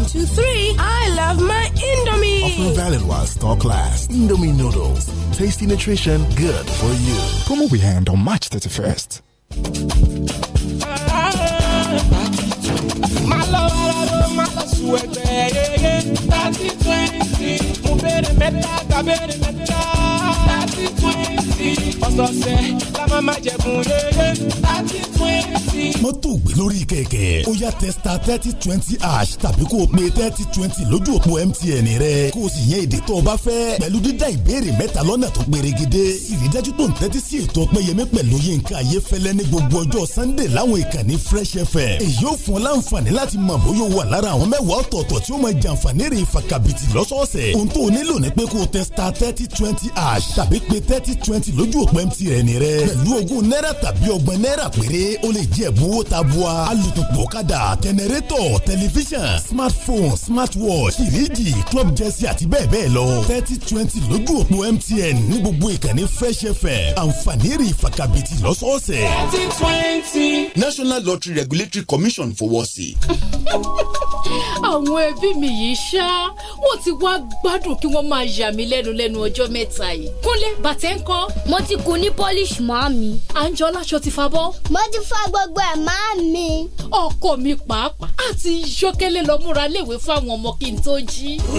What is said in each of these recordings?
one, two, three. I love my Indomie. Offer valid while stock lasts. Indomie noodles, tasty nutrition, good for you. Promo we end on March 31st. ọ̀sọ̀ọ̀sẹ̀ la máa ma jẹ̀bùn rere láti pín èsì. mọ́tò gbé lórí kẹ̀kẹ́ ó yá testa thirty twenty ash tàbí kó o pe thirty twenty lójú òpó mtn rẹ kó o sì yẹn èdè tó o bá fẹ́ pẹ̀lú dídá ìbéèrè mẹ́ta lọ́nà tó perégedé ìrídájú tó ń tẹ́tí sí ètò ọpẹ́yẹmí pẹ̀lú yínká ayéfẹ́lẹ́ ní gbogbo ọjọ́ sunday láwọn ìkànnì fresh fm èyí ò fún ọ láǹfààní láti mọ bóyá o wà lára àwọn mẹ́wàá ọ̀tọ̀ọ̀tọ̀ tí ó máa jàǹfààní rè fàkàbìtì lọ́sọ̀ọ̀sẹ̀ ohun tó o nílò ni pé kó o testa thirty twenty ash tàbí pe thirty twenty lójú òpó ẹ̀bùn MTN rẹ pẹ̀lú ogún náírà tàbí ọgbọ̀n náírà péré ó lè jẹ́ ẹ̀bùn ta bua alùpùpù ọ̀kadà jẹnẹrétọ̀ tẹlifíṣàn smartphone smartwatch fìríjì club jẹ́sí àti bẹ́ẹ̀ bẹ́ẹ̀ lọ thirty twenty lójú òpó MTN ní gbogbo ìkànnì Fresh FM àǹfààní rí ìfakabìtì lọ́sọ̀ọ̀sẹ̀. thirty twenty. National Lottery Regulatory Commission fowọ́ sí. àwọn ẹbí mi yìí ṣá wọn ti wá gbádùn kí wọ́n máa yà mí lẹ́nu lẹ́nu ọjọ́ mẹ́ta yìí kúnlẹ̀ bàtẹ́ ń fún ní polish màámi. Anjola ṣo ti fa bọ́. mo ti fa gbogbo ẹ̀ màámi. ọkọ mi pàápàá àti yọkẹlẹ lọ léwe fún àwọn ọmọ kí n tó jí. ó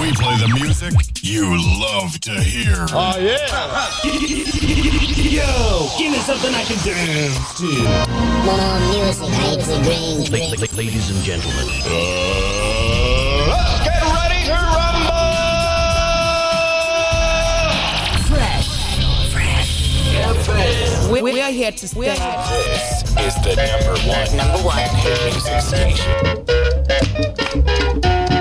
We play the music you love to hear. Oh, uh, yeah. Yo, give me something I can dance to. More music, green, green, green. La- la- ladies and gentlemen. Uh, let's get ready to rumble! Fresh. Fresh. Fresh. We, we are here to stay. This is the number one, number one music station.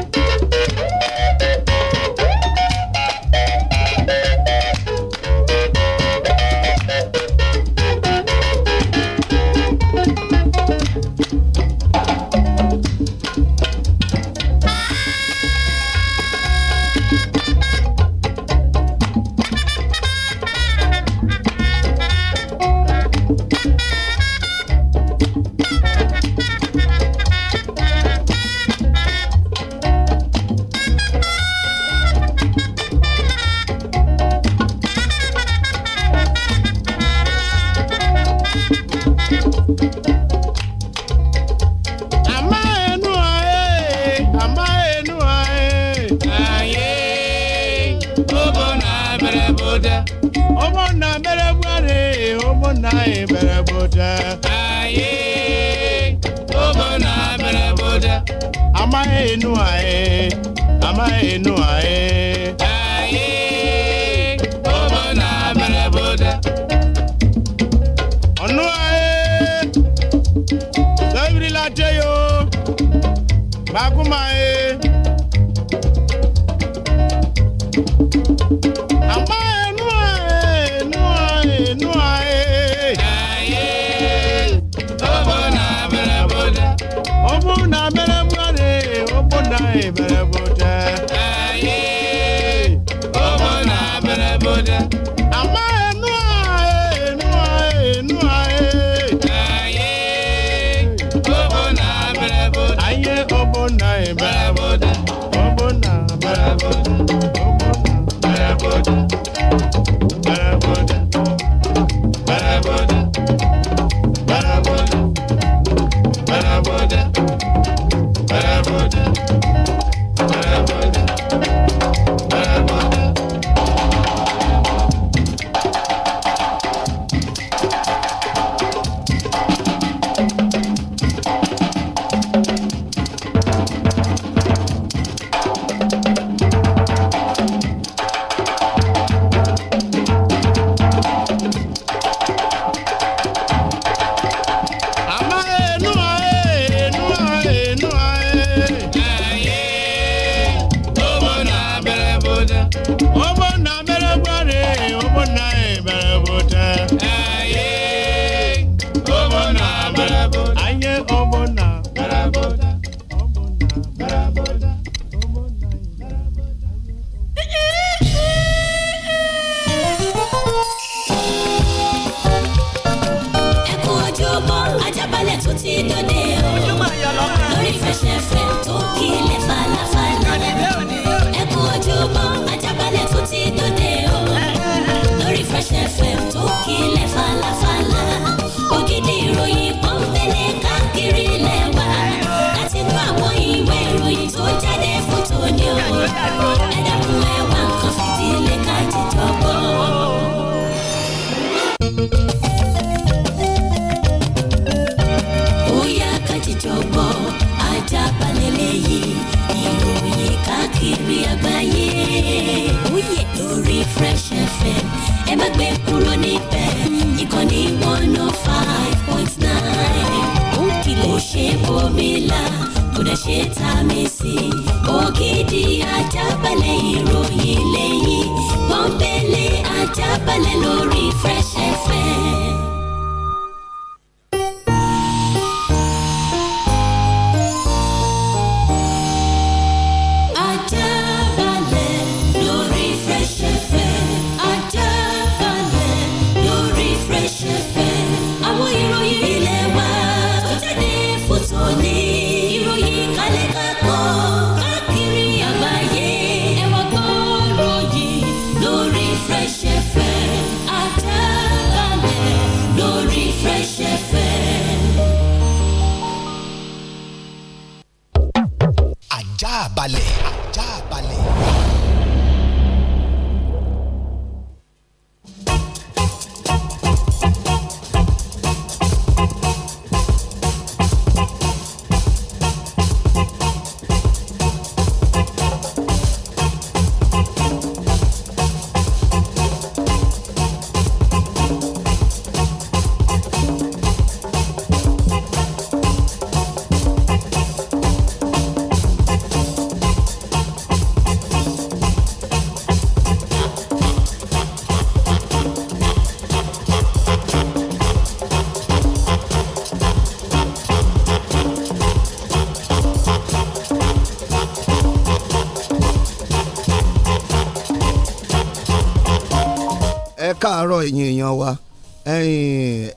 ẹ̀yin èèyàn wa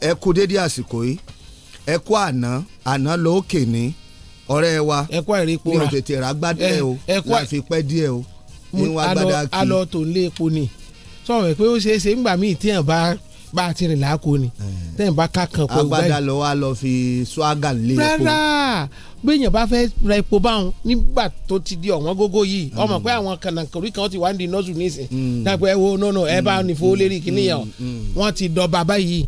ẹ kú dédé àsìkò yìí ẹ kú àná àná ló kìíní ọ̀rẹ́ wa mi ò tètè rà gbádẹ́ o láfi pẹ́ díẹ̀ o ní wàá gbádà kí. alọ tó ń lé epo ni sọ̀rọ̀ pé ó ṣeé ṣe ńgbà míì tí yàn bá bá a ti rìn láàkó ni tẹ́yìn bá ká kan pẹ̀lú agbada lọ wa lọ fi swaga lé epo. rárá béèyàn bá fẹ́ ra epo báwọn nígbà tó ti di ọ̀wọ́n gógó yìí mm. ọmọ pé àwọn kànáńkòrí kan ti wá ń di nọ́ọ̀sù nísìn mm. dàgbẹ́ wo nọ́nà ẹ bá ní fowó lérí kìnìyàn mm, wọ́n ti dọ̀ bàbá yìí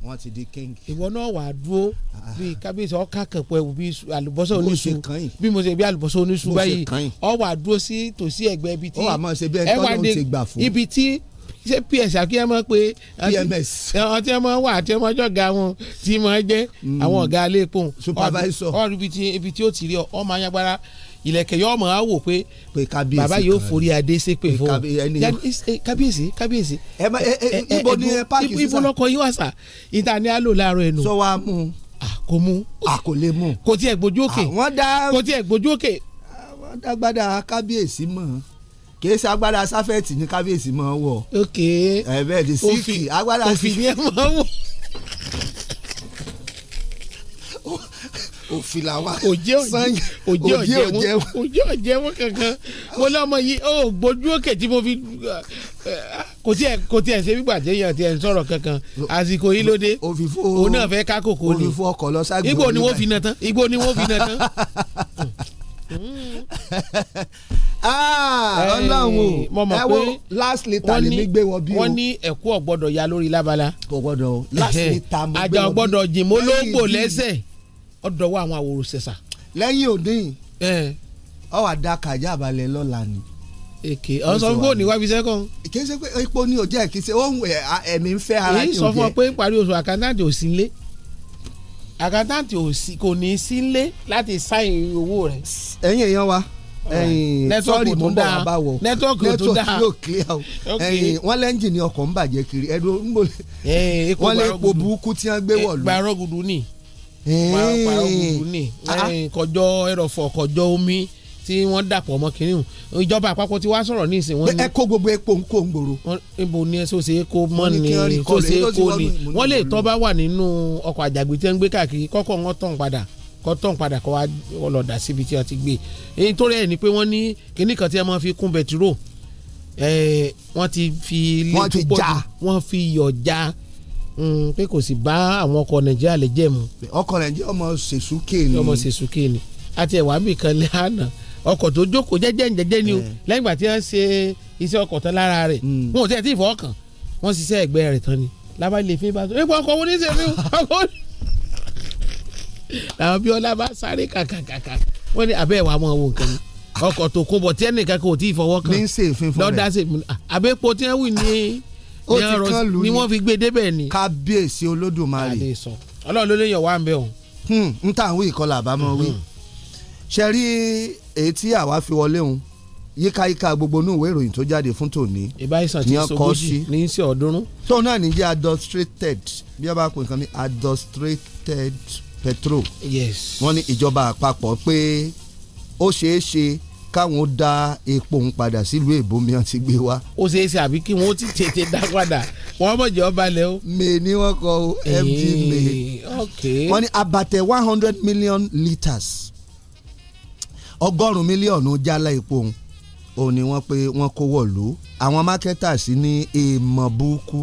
ìwọ náà wà á dúró ah, ah. bíi kábíyèsí ọ̀ka kẹ̀pọ̀ ẹ̀wù bíi àlùbọ́sà oníṣu bí mo ṣe bí àlùbọ́sà oníṣu báyìí ọ wà á dúró sí tòsí ẹ̀gbẹ́ ibi tí ṣé ps akínyẹn mọ̀ pé pms àwọn tí wọ́n wà tí wọ́n jọ̀gá wọn tí wọ́n jẹ́ mm. àwọn ọ̀gá ilé epo supervisor ọ̀rọ̀ ibi tí ó ti rí ọ ọmọ anyagbara ìlẹ̀kẹ̀ yọ ọmọ àwò pé bàbá yóò forí adé sí pé fún kábíyèsí kábíyèsí. ibo ni páàkì sísá ibo lọkọ yín wà sá ìta ni a lò láàárọ̀ ẹnu. sọ wa mú un. kò mú un. kò lè mú un. kò tiẹ̀ gbójú òkè. àwọn dá kò tiẹ̀ gbójú òkè. àwọn dá gbádà kábíyèsí mọ̀ kìí ṣe agbádá sáfẹ́ẹ̀tì ní kábíyèsí máa wọ̀. ok ẹ bẹ́ẹ̀ di síìkì agbádá síìkì. òfin yẹn máa wọ̀. òfin làwa òjé òjé òjé òjé òjé òjé wọn kankan mo lọmọ yìí ó gbójú òkè tí mo fi kò tiẹ̀ kò tiẹ̀ ṣe gbígbà téèyàn tiẹ̀ ń sọ̀rọ̀ kankan àsìkò yìí ló dé òun náà fẹ́ ká kòkó ni òfìfo ọkọ̀ lọ ságbó ìgbò ni wọ́n fi nà tán ìgbò ni wọ́n fi nà tán. Ah, ọlọ́run o ẹ wo last litre lèmi gbé wọn bí o. wọ́n ní ẹ̀kú ọ̀gbọ́dọ̀ ya lórí lábala. kò gbọ́dọ̀ o last litre mo gbé wọn bí. àjà ọ̀gbọ́dọ̀ jìmọ́ ló ń lẹ́sẹ̀ ọ̀dọ̀ wa àwọn àwòrò ṣẹ̀ṣà. lẹ́yìn òde yìí ọ̀ wà dá kàjá àbálẹ̀ lọ́la ni èké ọ sọ fún òní wábi sẹ́kọ̀n. kì í ṣe pé epo ni ò jẹ́ kì í ṣe ohun ẹ̀mí ń fẹ́ ara ti ò jẹ́. èyí sọ fún ọ pé parí oṣù àkántàntì ò àkántáǹtì kò ní sí lé láti sáyìn owó rẹ̀. ẹ̀yin èèyàn wa nẹtọọkì tó dáa nẹtọọkì tó dáa nẹtọọkì yóò clear o wọn lẹ́ńjìnì ọkọ̀ ń bàjẹ́ kiri ẹ̀dùn ń bò wọn lè po burúkú tí wọ́n gbé wọ̀lú. gbàrọ́gùdù ni gbàrọ́gùdù ni ah. kọjọ ẹrọ̀fọ̀ kọjọ omi tí wọ́n dàpọ̀ mọ́ kínní hùn ìjọba àpapọ̀ ti wá sọ̀rọ̀ ní ìsìn wọn ni. ẹ kó gbogbo epo ń kó ń gbòòrò. ibo ni ẹ sọ́sẹ̀ epo mọ́ ni kọ́sẹ̀ epo ni wọ́n lè tọ́ bá wà nínú ọkọ̀ àjàgbé tẹ́ ń gbé káàkiri kọ́kọ́ wọn tàn padà kọ́ tàn padà kọ́ wa lọ́ọ̀dà síbi tí wọ́n ti gbé èyí tó rẹ̀ ni pé wọ́n ní kinní kan tí wọ́n máa fi kún bẹtiró wọ́n ti fi ilé túbọ̀ wọ́n fi iyọ̀ já hmm, pé kò sì bá àwọn ọkọ̀ nàìjíríà lè jẹ́ mu. ọkọ̀ nàìjíríà ọmọ sèṣúkè ni. ọmọ sèṣúkè ni àti ẹ̀wà bìkan lẹ́hànà ọkọ̀ tó jókòó jẹ́jẹ́ jẹ́jẹ́ ni o eh. lẹ́yìn ìgbà tí wọ́n ṣe iṣẹ́ ọkọ̀ tán lára rẹ̀ hmm. wọn ò tẹ̀ tí ì fọwọ́ kàn wọ́n ṣiṣẹ́ ẹ̀gbẹ́ rẹ̀ tán ni lábàlẹ̀ fi bá tó ipò ọkọ̀ ọkọ̀ wo ní abẹ́ ìwà máa wo nǹkan ni ọkọ̀ tó kó bọ̀ tí ẹnìkan kò tí ì fọwọ́ kàn ní ṣe ìfín fún rẹ̀ lọ́dá tí wọ́n wì ní ni wọ́n fi gbé débẹ̀ ni. kábíyèsí olódùmarè ọlọ́run ló lè yàn wá ń bẹ̀ o. Hmm, n tàn wí ìkọlà àbámọ́ wí. Hmm ṣe rí èyí tí àwa fi wọlé òun yíkáyíká gbogbo inú ìwé ìròyìn tó jáde fún tòní ní ọkọ sí ní sí ọdúnrún. tóun náà ní jẹ́ bí ọba pè nǹkan ní adulterated petrol. yes. wọ́n ní ìjọba àpapọ̀ pé ó ṣeé ṣe káwọn da epo ń padà sílùú èbó mi àti gbé wá. ó ṣeé ṣe àbí kí wọ́n ti tètè dá padà wọ́n mọ̀jọ́ ọba lẹ o. ni wọ́n kọ md may. Eh, wọ́n ní abatẹ one hundred million litres ọgọ́rùn-ún mílíọ̀nù jálá epo òun òun ni wọ́n pé wọ́n kó wọ̀lú àwọn marketers ní èèmọ̀ burúkú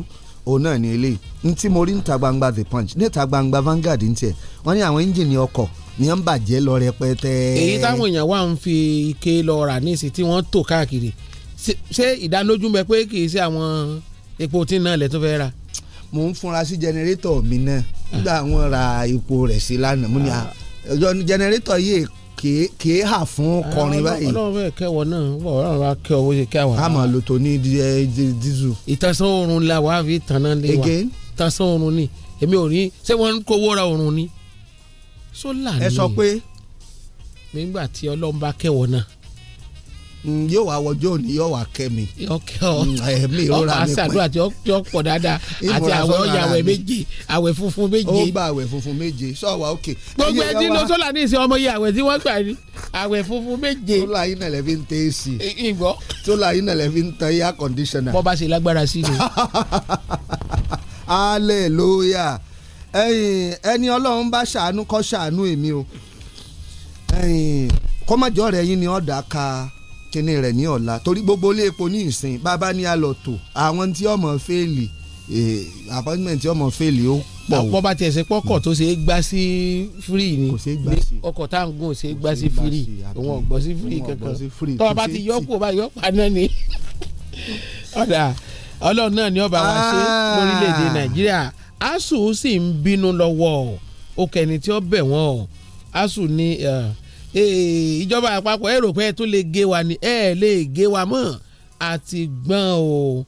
òun náà ní ilé ní tí mo rí níta gbangba the punch níta gbangba Vanguard ní tiẹ̀ wọ́n ní àwọn ẹ́ńjìnì ọkọ̀ ní ń bàjẹ́ lọ rẹpẹtẹ. èyí táwọn èèyàn wà ń fi ike lọ rà níìsín tí wọ́n tò káàkiri ṣé ìdánilójú bẹ pé kì í ṣe àwọn epo tí náà lẹ́tọ́ fẹ́ ra. mo ń funra sí jẹnẹrétọ̀ mi náà nígbà wọn ra epo rẹ̀ sí lánàá mo ní ọjọ́ ah. jẹnẹrétọ̀ yìí kì í hà fún ah, kọrin báyìí. ọlọ́run bẹ́ẹ̀ kẹwọ́ náà bọ̀ ọlọ́run bá kẹ owó ṣe kẹwọ́. a máa lo tòní dísù. ìtasán oorun la wàá fi tanná lé wa ìtasán oorun ni èmi ò ní ṣé wọ́n ń kówó ra oorun ni. sólà ni ẹ sọ pé. nígbà tí ọlọ́run bá kẹwọ́ náà Mm, yóò wá wọjọ́ òní yóò wá kẹ́ mi ẹ̀mí mm, ìrora mi pẹ́ ọkọ̀ àṣàdúrà tí ó pọ̀ dáadáa àti àwẹ̀ ọjà àwẹ̀ méje àwẹ̀ funfun méje ó gba àwẹ̀ funfun méje sọ̀wá òkè. gbogbo ẹtí ló sọ́là ní ìsìn ọmọ yìí àwẹ̀ tí wọ́n gbà ní àwẹ̀ funfun méje. tó la yín nàlẹ́ fi ń tẹ èsì ìgbọ́ tó la yín nàlẹ́ fi ń tẹ air conditioner. bọ́ bá ṣe lágbára sí ni. hallelujah ẹni ọlọ́run bá ṣàánú kó ṣàánú èmi o kọ́mọ̀jọ́ rẹ̀ yín ni ọ̀dà ka kinní rẹ̀ ní ọ̀la torí gbogbo ilé epo ní ìsìn bàbá ní alọ̀tò àwọn tí ọmọ fẹ́ẹ̀lì appointment tí ọmọ fẹ́ẹ̀lì ó pọ̀ o. àpọ̀ bá tiẹ̀ ṣe pọ́kọ̀ tó ṣe é gbá sí free ni ọkọ̀ tá à ń gùn ṣe é gbá sí free òun ọ̀gbọ́n sí free kankan tọ́ bá ti yọ́pọ̀ bá yọ́pọ̀ àná ni ọ̀dà ọlọ́run náà ni ọba wa ṣe ah. lórílẹ̀‐èdè nàìjíríà asuu sì ń bínú lọ́wọ́ ó kẹ́ni tí ó bẹ̀ wọ́n asuu ní. Uh, eh, ìjọba àpapọ̀ ẹ rò pé ẹ tún lè gé wa ni ẹ lè gé wa mọ́ àti gbọ́n o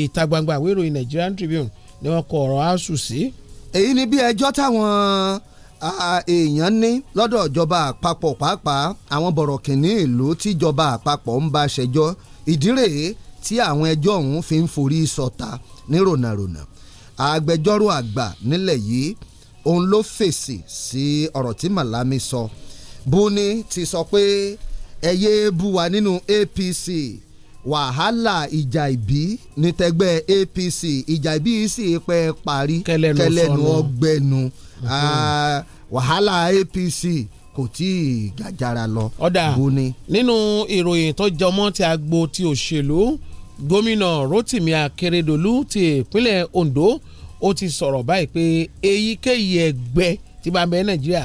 ìta gbangba àwọn ìròyìn Nigerian Tribune ni wọ́n kọ ọ̀rọ̀ asù sí. èyí ni bí ẹjọ́ táwọn èèyàn ní lọ́dọ̀ ìjọba àpapọ̀ pàápàá àwọn bọ̀rọ̀kìnní ìlú tíjọba àpapọ̀ ń bá ṣẹjọ́ ìdírèé tí àwọn ẹjọ́ ọ̀hún fi ń forí sọta ní rònàrònà agbẹjọ́rò àgbà nílẹ̀ yìí òun ló fèsì sí ọ̀rọ̀ tí Malami sọ so buni ti sọ pé ẹ yéé bú wa nínú APC wàhálà ìjà ìbí ní tẹgbẹ́ APC ìjà ìbí sì pẹ́ parí kẹlẹ́nu ọgbẹ́nu ah, wàhálà APC kò tí ì gàjára lọ. ọ̀dà nínú ìròyìn tó jọmọ́ ti agbo ti òṣèlú gómìnà Rotimi Akeredolu ti ìpínlẹ̀ Ondo ó ti sọ̀rọ̀ báyìí pé èyíkéyìí ẹgbẹ́ tí bá bẹ Nàìjíríà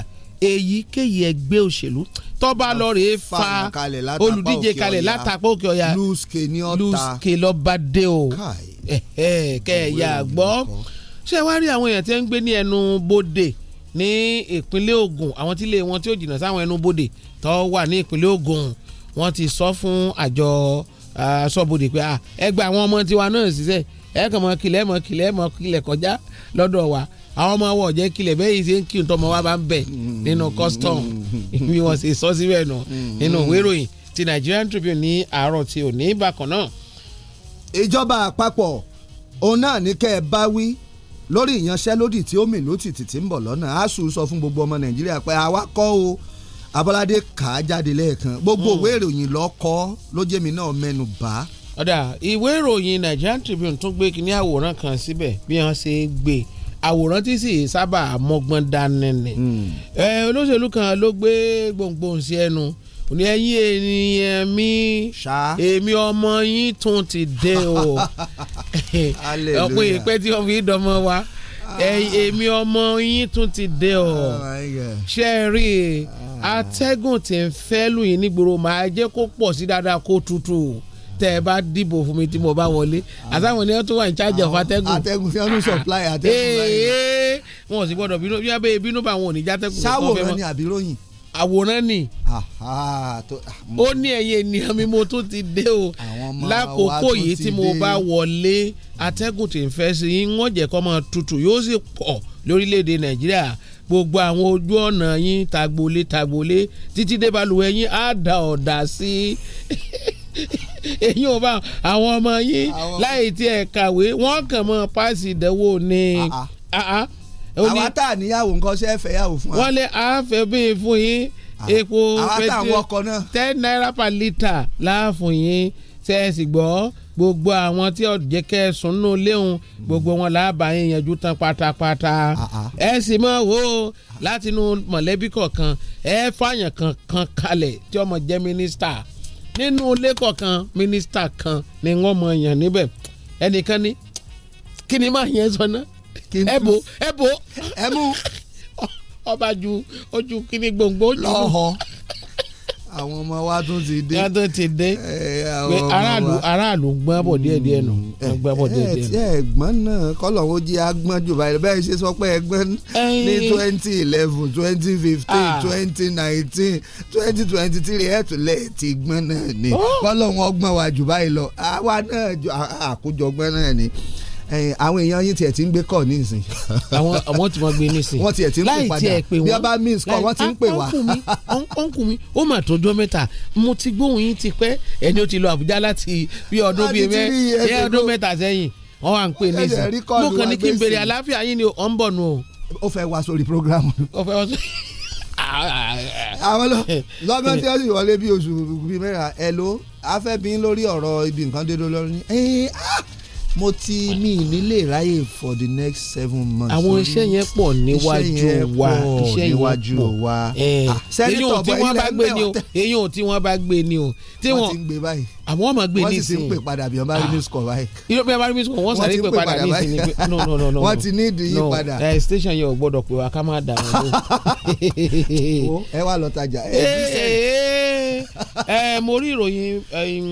èyíkéyìí ẹgbẹ́ òṣèlú tọ́ba lọ rèé fa olùdíje kalẹ̀ látàpọ̀ òkè ọ̀yà lùsùkè lọ́ba dé o kẹ̀yà gbọ́ ṣé wàá rí àwọn èèyàn tí ń gbé ní ẹnu bodè ní ìpínlẹ̀ ogun àwọn tí ilé wọn tí ó jìnnà sáwọn ẹnu bodè tó wà ní ìpínlẹ̀ ogun wọ́n ti sọ fún àjọ aṣọ́bodè pé ẹ gba àwọn ọmọ tiwa náà ṣiṣẹ́ ẹ kàn mọ́ kílẹ̀ mọ́ kílẹ̀ mọ́ kílẹ̀ kọjá lọ́dọ̀ wa àwọn ọmọ wọn jẹ́ kílẹ̀ bẹ́ẹ̀ yìí ṣe ń kí n tọmọ wa bá ń bẹ̀ nínú custom mm. bí wọ́n ṣe sọ síbẹ̀ nù mm. nínú ìwé ìròyìn ti Nigerian Tribune ní àárọ̀ tí ò ní bákan náà. ìjọba àpapọ̀ òun náà ní kẹ́ ẹ bá wí lórí ìyanṣẹ́lódì tí ó mìlú tìtì tí ń bọ̀ lọ́nà asuu sọ fún gbogbo ọmọ Nàìjíríà pé àwa kọ́ o Abọ́ládé kà á jáde lẹ́ẹ̀kan gbogbo mm. ìwé ìròyìn lọ́kọ́ ló jẹ́ mi náà mẹ́nu bá. ọ̀dà ìwé ìròyìn Nigerian Tribune tún gbé kíní àwòrán kan síbẹ̀ bí wọ́n ṣe gbé e àwòrán tí sì sábà mọ́gbọ́n dání ni hmm. olóṣèlú kan ló gbé gbòǹgbòǹ sí ẹnu ní ẹ̀yin ènìyàn mi èmi ọmọ yín tún ti dé o ọ̀pọ̀ ìpẹ́ tí wọ́n fi dọmọ wa èmi ọmọ yín tún ti dé o oh ṣe é rí ah. atẹ́gùn tí ń fẹ́ lù yín nígboro máa jẹ́ kó pọ̀ sí dáadáa kó tutù tẹ ẹ bá dìbò fún mi tí mo bá wọlé àtàwọn ènìyàn tó wà ní charge of atẹ́gùn. atẹ́gùn tí wọ́n tún supply ah, atẹ́gùn láyé. Eh, eh, wọn ò sì gbọdọ̀ bínú bí abẹ́ bínú bá wọn ò ní já tẹ́gùn. sáwòrán ni àbí ròyìn. àwòrán ni. Ah, ó ní ẹ̀yin ènìyàn mi mo tún ti dé o lákòókò yìí tí mo bá wọlé atẹ́gùn tí ń fẹ́ sí i wọ́n jẹ́ kó máa tutù yóò sì pọ̀ lórílẹ̀‐èdè nàìjíríà gbogbo àwọn ojú ọ̀nà yín tagbolé tagbolé títí dé yín á da ọ̀dà sí i èyí ò bá àwọn ọmọ yín láì tí ẹ kàwé wọ́n kàn mọ́ páàsì ìdánwò ni ah, ah. Ah, àwa tá a níyàwó nǹkan ṣe é fẹ́ yàwó fún wa. wọ́n lé àáfẹ́ bíi fún yín epo pẹ̀tẹ́ ten naira per litre láàfún yín ṣe é sì gbọ́ gbogbo àwọn tí ọ̀jẹ̀ kẹsùn nù gbogbo wọn làbà yín yanjú tán pátápátá ẹ sì mọ̀ wò látinú mọ̀lẹ́bí kọ̀ọ̀kan ẹ fàyàn kankan kalẹ̀ tí ọmọ jẹ́ mínísítà nínú ilé kọ̀ọ̀kan mínísítà kan ni wọ́n mọ̀ yàn níbẹ̀ ẹnìkan ni kí ni máa yẹn sọ náà ẹ bò ẹ bò ẹ mú ọba ju ojú kíní gbòǹgbò lọ́họ̀ọ́ àwọn ọmọ wa tún ti dé. wọ́n tún ti dé pé aráàlú aráàlú gbọ́n bọ̀ díẹ̀ díẹ̀ nù gbọ́n bọ̀ díẹ̀ díẹ̀ nù. ẹ̀gbọ́n náà kọ́lọ̀hún jí agbọ́n jù báyìí bẹ́ẹ̀ ṣe sọ pé ẹgbọ́n ní twenty eleven twenty fifteen ah. twenty nineteen twenty twenty three ẹ̀ tún lẹ̀ ti gbọ́n náà ni oh. kọ́lọ̀hún ọgbọ́n wa jù báyìí lọ àwa náà àkójọgbọ́n náà ni àwọn èèyàn yín tiẹ̀ ti ń gbé kọ̀ nísìn. àwọn àwọn tí wọ́n gbé nísìn. wọ́n tiẹ̀ ti ń pè padà bí a bá miss kọ́ wọ́n ti ń pè wá. ọ̀nkù mi ó mà tó ọjọ́ mẹ́ta mo ti gbóhùn yín ti pẹ́ ẹni ó ti lọ Àbújá láti bí ọdún bíi mẹ́ ọdún mẹ́ta sẹ́yìn wọ́n wà ń pè nísìn mo kàn ní kí n béèrè àlàáfíà yín ni ọ̀ ń bọ̀ nù ó fẹ́ wá sórí program. ó fẹ́ wá àwọn lọ́gán tí ó sì wọlé bí oṣù bíi mẹ́ra ẹ̀ ló afẹ́bí lórí ọ̀rọ̀ ibi nǹkan dédó lọ́rùn ni mo ti mi nílé ráyè for the next seven months. àwọn iṣẹ́ yẹn pọ̀ níwájú wa iṣẹ́ yẹn pọ̀ níwájú wa. èyí ah, ò tí wọ́n bá gbé ni o èyí ò tí wọ́n bá gbé ni o. wọ́n ti ń gbé báyìí àwọn ọmọ gbé ní ìsìn wọ́n sì ti ń pè padà bí wọ́n bá rí news ah. kọ̀ báyìí. irọ́ bí wọ́n bá rí news kọ̀ wọ́n sáré pè padà ní ìsìn ni pé no no no no. wọ́n ti ní ìdí yí padà. ẹ eh, station yẹn ò gbọ́dọ̀ pé wa ká má dà wọ́n lọ. ẹ wá lọ tajà ẹ bí eh, sẹ́yìn. ẹ eh, mo rí ìròyìn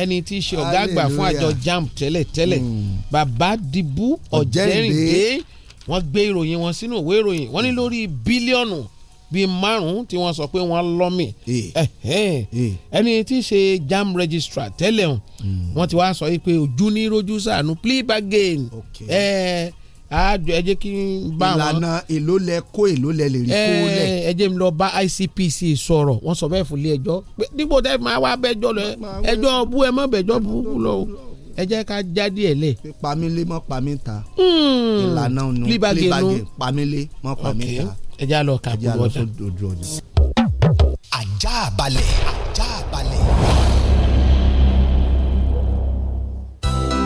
ẹni tí í ṣe ọ̀gá àgbà fún àjọ JAMB tẹ́lẹ̀ tẹ́lẹ̀ hmm. Babadibu Ọ̀jẹ̀rìndé wọ́n gbé ìròyìn wọn sínú ìwé ìròyìn wọ́n ní lórí bílíọ̀nù bíi márùn-ún tí wọ́n sọ pé wọ́n lọ́mì ẹni tí í ṣe jam registrar tẹ́lẹ̀ hàn hmm. wọ́n ti wá sọ yìí pé ojú ní rojú sànù plea bargain àjọ ẹ jẹ́ kí n bá wọn. ìlànà èlò lẹ kó èlò lẹ lè rí kó lẹ. ẹ jẹ́ mi lọ bá ICPC sọ̀rọ̀ wọ́n sọ bẹ́ẹ̀ fún ilé ẹjọ́ pé dípò tẹ́ máa wá bẹ́jọ́ lọ ẹjọ́ bú ẹ mọ́ bẹ́jọ́ bú lọ ẹ jẹ́ ká jáde ẹ̀ lẹ̀. pamílé mọ́ pamí ta hmm. ìlànà ònú plea bargain pamílé mọ́ pamí ta ẹja lọ kà gbogbo ọjà. ẹja lọ sọ ọjà. ajá balẹ̀ ajá balẹ̀.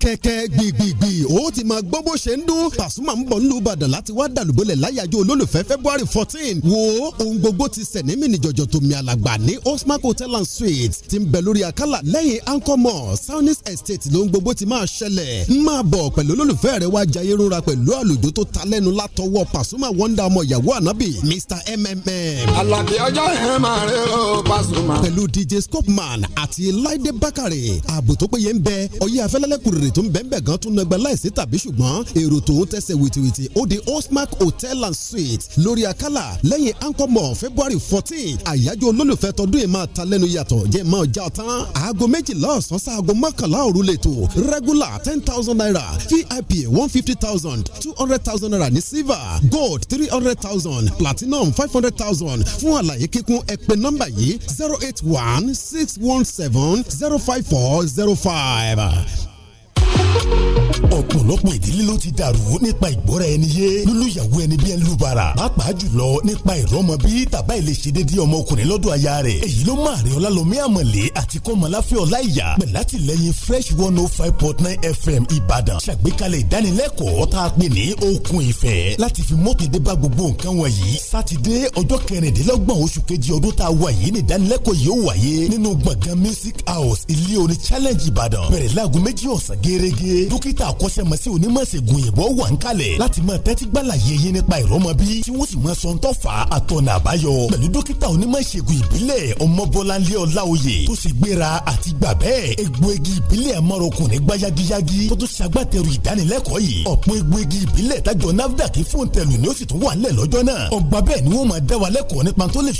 kẹ́kẹ́kẹ́ gbìgbìgbì yìí ó ti máa gbọ́ bó ṣe ń dún Pasuma ń bọ̀ nílùú Ìbàdàn láti wá dàlúbọ̀lẹ̀ láyàjọ́ olólùfẹ́ February fourteen wo ohun gbogbo ti sẹ̀nímì ní jọ̀jọ̀ tó mi àlàgbà ní Osmark Hotel and Suites ti ń bẹ lórí àkàlà lẹ́yìn Anchor Mall Saunis Estate lóhun gbogbo ti máa ṣẹlẹ̀ ń máa bọ̀ pẹ̀lú olólùfẹ́ rẹ̀ wá jayé rúra pẹ̀lú àlùjọ tó ta lẹ́nu látọwọ́ Pasuma wonder ọmọ ìyàwó ànábì Mr MMM. Àlàbí ọjọ́ ẹ̀ máa rẹ̀ Pasuma. pẹ̀lú DJ Scopeman àti Láìdé Bákàrẹ̀ ààbò tó péye ń bẹ ọyẹ́ afẹ́lẹ́lẹ́kùnrin tó ń bẹ́ẹ̀ láìsí tàbí ṣùgbọ́n èrò tòun tẹsẹ̀ wìtìwìtì ó di Osmark Hotel and Suites lórí Akálà lẹ́yìn Angkor Mall February fourteen àyájọ́ olólùfẹ́ tọdún yìí máa ta lẹ́nu yàtọ̀ jẹ́ máa já tán aago méjìlá ọ̀sán sáago mọ́kànlá òru lẹ́tọ̀ regular ten thousand naira VIP one fifty thousand two hundred thousand naira ní silver gold three hundred thousand platinum five hundred thousand fún àlàyé kíkún ẹ pè nọ́mbà yìí zero eight one six one seven zero five four zero five ọ̀pọ̀lọpọ̀ ìdílé ló ti dàrú nípa ìgbọ́ra ẹni yé lólùyàwó ẹni bí ẹni lùbàrà pàápàá jùlọ nípa ìrọmọ bí tàbá ilé ṣe déédéé ọmọkùnrin lọ́dọ̀ aya rẹ̀ èyí ló máa rí ọlálọ́mí àmọ̀lé àti kọ́mọláfẹ́ ọláìyá pẹ̀látìlẹ́yìn fresh one oh five point nine fm ìbàdàn ṣàgbékalẹ̀ ìdánilẹ́kọ̀ọ́ tá a pè ní okun ìfẹ́ láti fi mọ́tòdé bá gbogbo nǹkan wọ̀nyí sátidé ọjọ́ kẹrìndínlọ́gbọ̀n oṣù kejì ọdún tá a wà yìí ní ìdánilẹ́kọ̀ọ́ yóò music house ilé orin challenge ìbàdàn bẹ̀rẹ̀ láago méjì ọ̀sán yege dókítà akọ́ṣẹ́mọṣẹ́ onímọ̀ṣègùn ìbọn wà ń kalẹ̀ láti máa tẹ́tí gbàlàyé yín nípa ìrọ́mọbí tí wọ́n sì máa sọ ń tọ́fà àtọ̀nà àbáyọ pẹ̀lú dókítà onímọ̀ṣègùn ìbílẹ̀ ọmọbọ́láńlé ọláoyè tó sì gbéra àti gbà bẹ́ẹ̀ egbòogi ìbílẹ̀ amọ̀rọ̀kùn ní gbáyagíyágí tó tún ṣagbátẹrù ìdánilẹ́kọ̀ọ́ yìí ọ̀pọ̀ egbòogi ìbílẹ̀ tájọ nafdac fún tẹlù ni ó sì tún wà nílẹ̀ lọ́jọ́ náà ọgbà bẹ́ẹ̀ ni wọ́n máa dá wa lẹ́kọ̀ọ́ nípa tó lè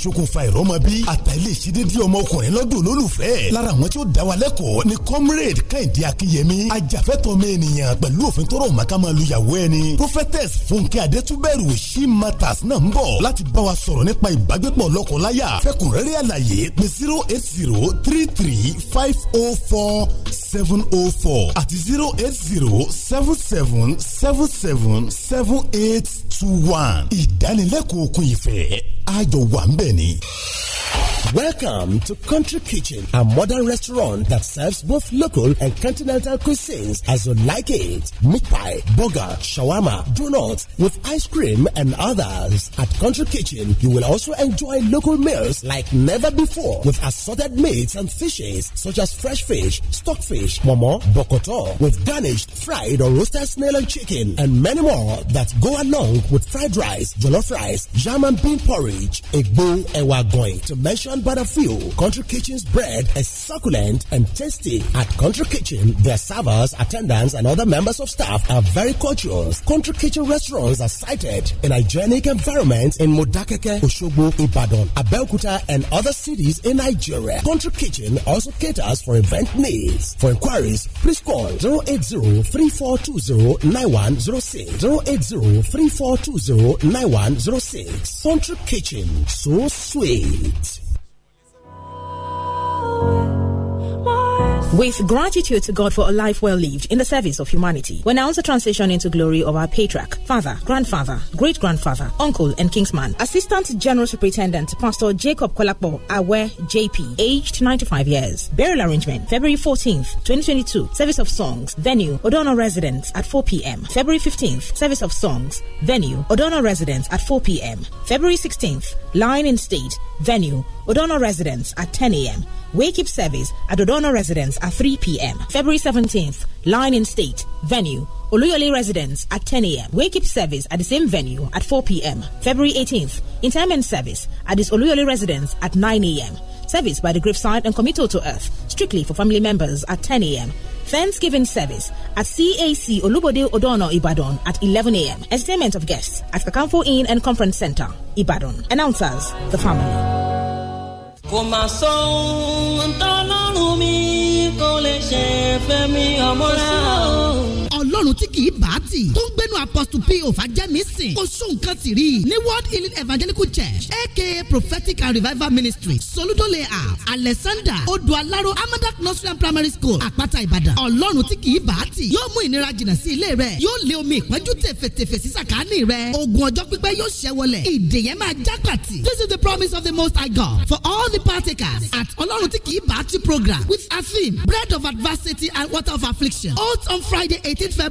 ìfẹ́tọ̀ mi ènìyàn pẹ̀lú òfin tó rọ̀ mọ́ ká máa lu ìyàwó ẹni. prophetess fúnkẹ́ adétúbẹ̀rù she matters náà ń bọ̀ láti bá wa sọ̀rọ̀ nípa ìbágbépọ̀ lọ́kọ̀ọ́láyà fẹ́kùnrẹ́rẹ́ àlàyé pé zero eight zero three three five oh four seven oh four àti zero eight zero seven seven seven seven seven eight two one. ìdánilẹ́kọ̀ọ́ òkun ìfẹ́ ayọ̀ wà ń bẹ̀ ni. Welcome to Country Kitchen, a modern restaurant that serves both local and continental cuisines as you like it. Meat pie, burger, shawarma, donuts with ice cream and others. At Country Kitchen, you will also enjoy local meals like never before with assorted meats and fishes such as fresh fish, stockfish, fish, momo, bokoto, with garnished, fried or roasted snail and chicken, and many more that go along with fried rice, jollof rice, jam and bean porridge, igbo, ewa going. To mention but a few, Country Kitchen's bread is succulent and tasty. At Country Kitchen, their servers, attendants, and other members of staff are very courteous. Country Kitchen restaurants are sited in hygienic environments in Modakeke, Oshogbo, Ibadan, Abeokuta, and other cities in Nigeria. Country Kitchen also caters for event needs. For inquiries, please call 080 3420 9106, 080 3420 9106. Country Kitchen, so sweet. With gratitude to God for a life well lived in the service of humanity, we announce the transition into glory of our patriarch, father, grandfather, great grandfather, uncle, and kingsman, Assistant General Superintendent, Pastor Jacob Kolakbo Awe JP, aged 95 years. Burial arrangement, February 14th, 2022, service of songs, venue, Odono Residence at 4 p.m. February 15th, service of songs, venue, Odono Residence at 4 p.m. February 16th, line in state, venue, Odono Residence at 10 a.m. Wake up service at Odono Residence at 3 p.m. February 17th, Line in State, venue. Oluyole residence at 10 a.m. Wake up service at the same venue at 4 p.m. February 18th, interment service at this Oluyole residence at 9 a.m. Service by the Graveside and Committal to Earth, strictly for family members at 10 a.m. Thanksgiving service at CAC Olubode Odono Ibadan at 11 a.m. Entertainment of guests at Kakamfo Inn and Conference Center, Ibadan. Announcers, the family. Começou um talão no mi, colechê, femi, amorão. ọlọ́run tí kì í bá tì tó ń gbénu apostle p òfàjẹ́mísìn kò sóhun kan ti rí ní world healing evangelical church aka prophetic and revival ministry soludo layout alexander odualaro amadak nursery and primary school àpáta ìbàdàn ọlọ́run tí kì í bá tì yóò mú ìnira jìnnà sí ilé rẹ yóò lé omi ìpẹ́jù tẹ̀fẹ̀tẹ̀fẹ̀ sí sàkáání rẹ ogun ọjọ́ pípẹ́ yóò ṣẹ́ wọlé ìdè yẹn máa já pàtì this is the promise of the most high god for all the partakers at ọlọ́run tí kì bá tì program with a theme bread of adversity and water of affliction out on friday eighteen february.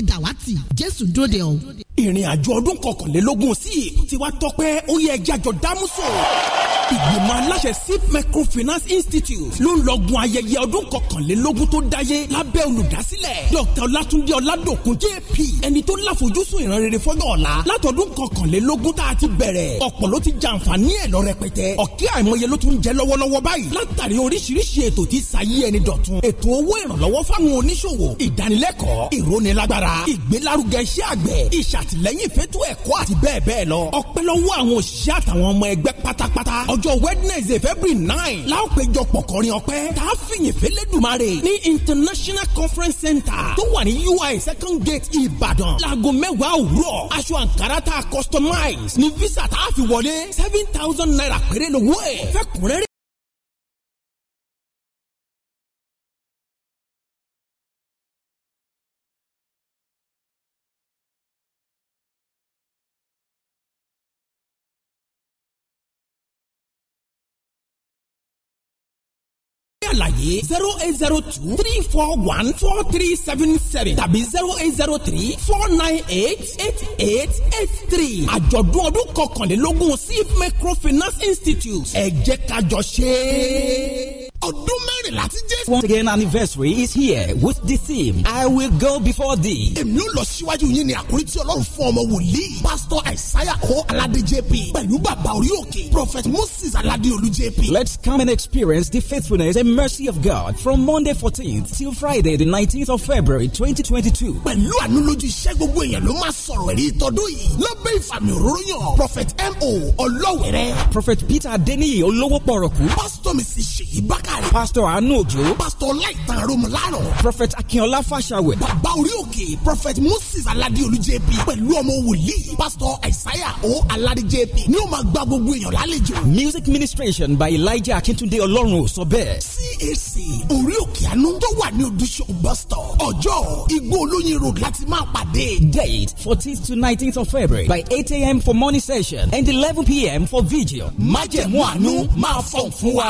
ti dàwátì jésù dóde o ìrìn àjò ọdún kọkànlélógún sí ti wá tọpẹ́ ó yẹ ẹja jọ dámúso ìgbìmọ̀ aláṣẹ sip microfinance institute ló ń lọ́gun ayẹyẹ ọdún kọkànlélógún tó dáyé lábẹ́ olùdásílẹ̀ dr olatunde ọládòkun jp ẹni tó láfojúsùn ìran rere fọ́jọ́ ọ̀la látọdún kọkànlélógún tá a ti bẹ̀rẹ̀ ọ̀pọ̀ ló ti jàǹfààní ẹ̀ lọ rẹpẹtẹ ọ̀kẹ́ àìmọye ló tún jẹ́ lọ́wọ́lọ́wọ́ báyìí látàrí oríṣiríṣi ètò tí sayé ẹni dọ̀tun ètò owó ìrànlọ́wọ́ fáwọn oníṣòwò ìdánilẹ́kọ̀ọ́ ìrónilágbára àtìlẹ́yìn fẹ́tù ẹ̀kọ́ àti bẹ́ẹ̀ bẹ́ẹ̀ lọ. ọpẹ́ lọ́wọ́ àwọn òṣìṣẹ́ àtàwọn ọmọ ẹgbẹ́ pátápátá. ọjọ́ wednesday february nine la ó péjọ pọ̀ kọrin ọpẹ́. tá a fìyìn fẹ́lẹ́dùmarè ní international conference center tó wà ní ui second gate ìbàdàn. laago mẹ́wàá òwúrọ̀ aṣọ àǹkárá tá a customize ní visa tá a fi wọlé seven thousand naira péré lówó ẹ̀. fẹ́kùnrẹ́rẹ́ pé zero eight zero two three four one four three seven seven tàbí zero eight zero three four nine eight eight eight eight three àjọ̀dún ọdún kọkànlélógún sí microfinance institute ẹ jẹ́ ká jọ ṣe ọdún mẹ́rin láti jésù. once again anniversary is here with the theme I will go before thee. èmi ò lọ síwájú yín ní àkórí tí ọlọ́run fún ọmọ wòlíì pásítọ̀ àìsáyà kó aládé jp pẹ̀lú bàbá orí òkè prophet moses aládéolú jp. let's come and experience the faithfulness and mercy of God from Monday fourteenth till Friday the nineteenth of February twenty twenty two. pẹ̀lú àánú iṣẹ́ gbogbo èèyàn ló máa sọ̀rọ̀ ẹ̀rí ìtọ́dún yìí lábẹ́ ìfàmì òróró prophet mo ọlọ́wẹ̀rẹ́. prophet peter adeniyi olówó pọ̀rọ̀kú. pastor mi sì ṣèyí bákàrẹ̀. pastor àánú òjò. pásítọ̀ láìtàn aromọ̀lárọ̀. prophet akínọlá fàṣàwẹ̀. bàbá orí òkè prophet moses aládé jp pẹ̀lú ọmọ wòlíì pásítọ̀ àìsáyà o aládé jp ni ó máa gba gbogbo èèyàn lálejò. music ministration by elijah Akintunde ọlọ́run ò sọ bẹ́ẹ̀. cac orí òkè àánú tó wà ní odúṣọ bọ́sítọ̀ ọjọ́ igbó olóyin road láti máa pàdé. date fourteenth to nineteenth of february by eight a.m. for morning session and eleven p.m. for vigil. májẹ̀mú àánú máa fọ̀n fún wa.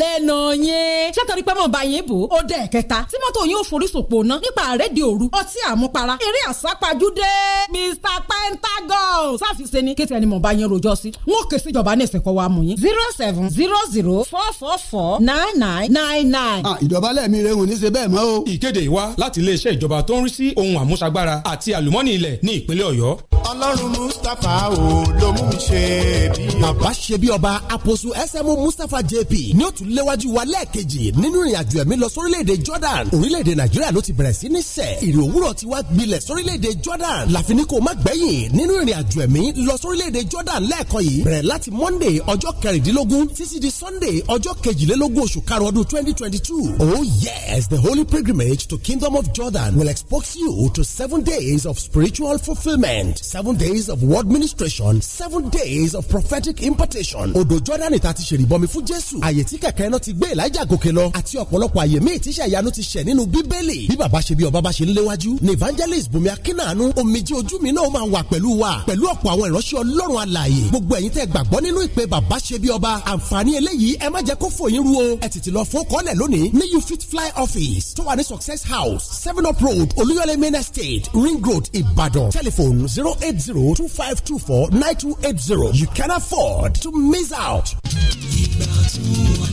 lẹ́nu yẹn. ṣé torí pé bá yín bò ó dẹ̀ kẹta tí mọ́tò yóò forísòpò ná nípa àrédìí òru ọtí àmupara eré àsápajúdé Mr Pentagon sáfìsẹ́ ni kéte ẹni mo bá yín rojọ́ sí. n ó ké síjọba ní ìsìnkú wa mú yín. zero seven zero zero four four four nine nine nine nine. ìdọ̀bálẹ̀ mi rẹ̀ wò ní ṣe bẹ́ẹ̀ mọ́ o. ìkéde wa láti iléeṣẹ́ ìjọba tó ń rí sí ohun àmúṣagbára àti àlùmọ́nì ilẹ̀ ní ìpínlẹ̀ Ọ̀yọ́. Ọlọ́run Mustapha ò ló mú mi ṣe bí ọba. àbá ọba àpòsù ẹsẹ̀ Mustapha JP Tóbi ní ó tún léwájú wa lẹ́ẹ̀kejì nínú ìrìnàjò ẹ̀mí lọ sórílẹ̀-èdè Jordan orílẹ̀-èdè Nàìjíríà ló ti bẹ̀rẹ̀ sí ní sẹ̀ ìrìn òwúrọ̀ ti wá gbilẹ̀ sórílẹ̀-èdè Jordan láfi ní kó má gbẹ̀yìn nínú ìrìnàjò ẹ̀mí lọ sórílẹ̀-èdè Jordan lẹ́ẹ̀kan yìí bẹ̀rẹ̀ láti Monday ọjọ́ kẹrìndínlógún títí di Sunday ọjọ́ kejìlélógún oṣù karùn-ún ọdún twenty twenty two oh yes the holy pilgrimage to kingdom of Jordan will expose you to seven days of spiritual fulfilment seven days of word ministration seven days of prophetic impartation odò Jordan ìta ti ṣèrìbọmi fún Jésù àyè tí kẹ̀kẹ́ náà ti gbé Elijah gòkè lọ àti ọ̀pọ̀lọpọ̀ àyè míì tíṣẹ́ ìyanu ti ṣẹ̀ nínú bíbélì bí bàbá ṣe bí ọba bá ṣe ń léwájú ni evangelist bùnmi akínàánú omijì ojú mi náà máa wà pẹ̀lú wa pẹ̀lú ọ̀pọ̀ àwọn ìránṣẹ́ ọlọ́run alààyè gbogbo ẹ̀yin tẹ́ gbàgbọ́ nínú ìpè bàbá ṣe bí ọba àǹfààní eléyìí ẹ má jẹ́ kó fòyín ru o ẹ tètè lọ fún kọ́lẹ̀ lónìí ní you fit fly office tó wà ní success house seven up road olúyọlé main estate ring road ìbàdàn telephone zero eight zero two five two four nine two eight zero you can afford to miss out. gbàdúrà.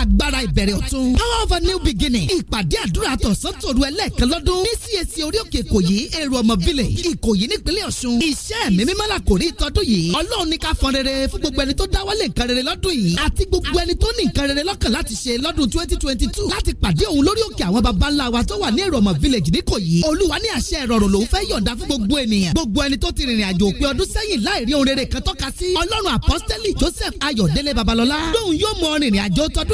agbára ìbẹ̀rẹ̀ ọ̀tun power of a new beginning ìpàdé àdúrà tọ̀sán tòru ẹlẹ́ẹ̀kan lọ́dún ní CAC orí òkè ìkòyí èrò ọmọ village ìkòyí nípínlẹ̀ ọ̀ṣun iṣẹ́ mi mímọ́ la kò rí ìtọ́dún yìí ọlọ́run ní ká fọn rere fún gbogbo ẹni tó dáwọ́lé nǹkan rere lọ́dún yìí àti gbogbo ẹni tó ní nǹkan rere lọ́kàn láti ṣe lọ́dún twenty twenty two láti pàdé òun lórí baba ńlá wa tó wà ní èrò village níkòyí olúwa ní àṣẹ ìrọ̀rùn lòún fẹ́ yọ̀ǹda fún gbogbo ènìyàn gbogbo ẹni tó ti rìnrìn àjò òpin ọdún sẹ́yìn láì rí ohun rere kan tọ́ka sí ọlọ́run àpọ́stẹ́lì joseph ayọ̀délé babalọ́lá lóun yóò mọ rìnrìn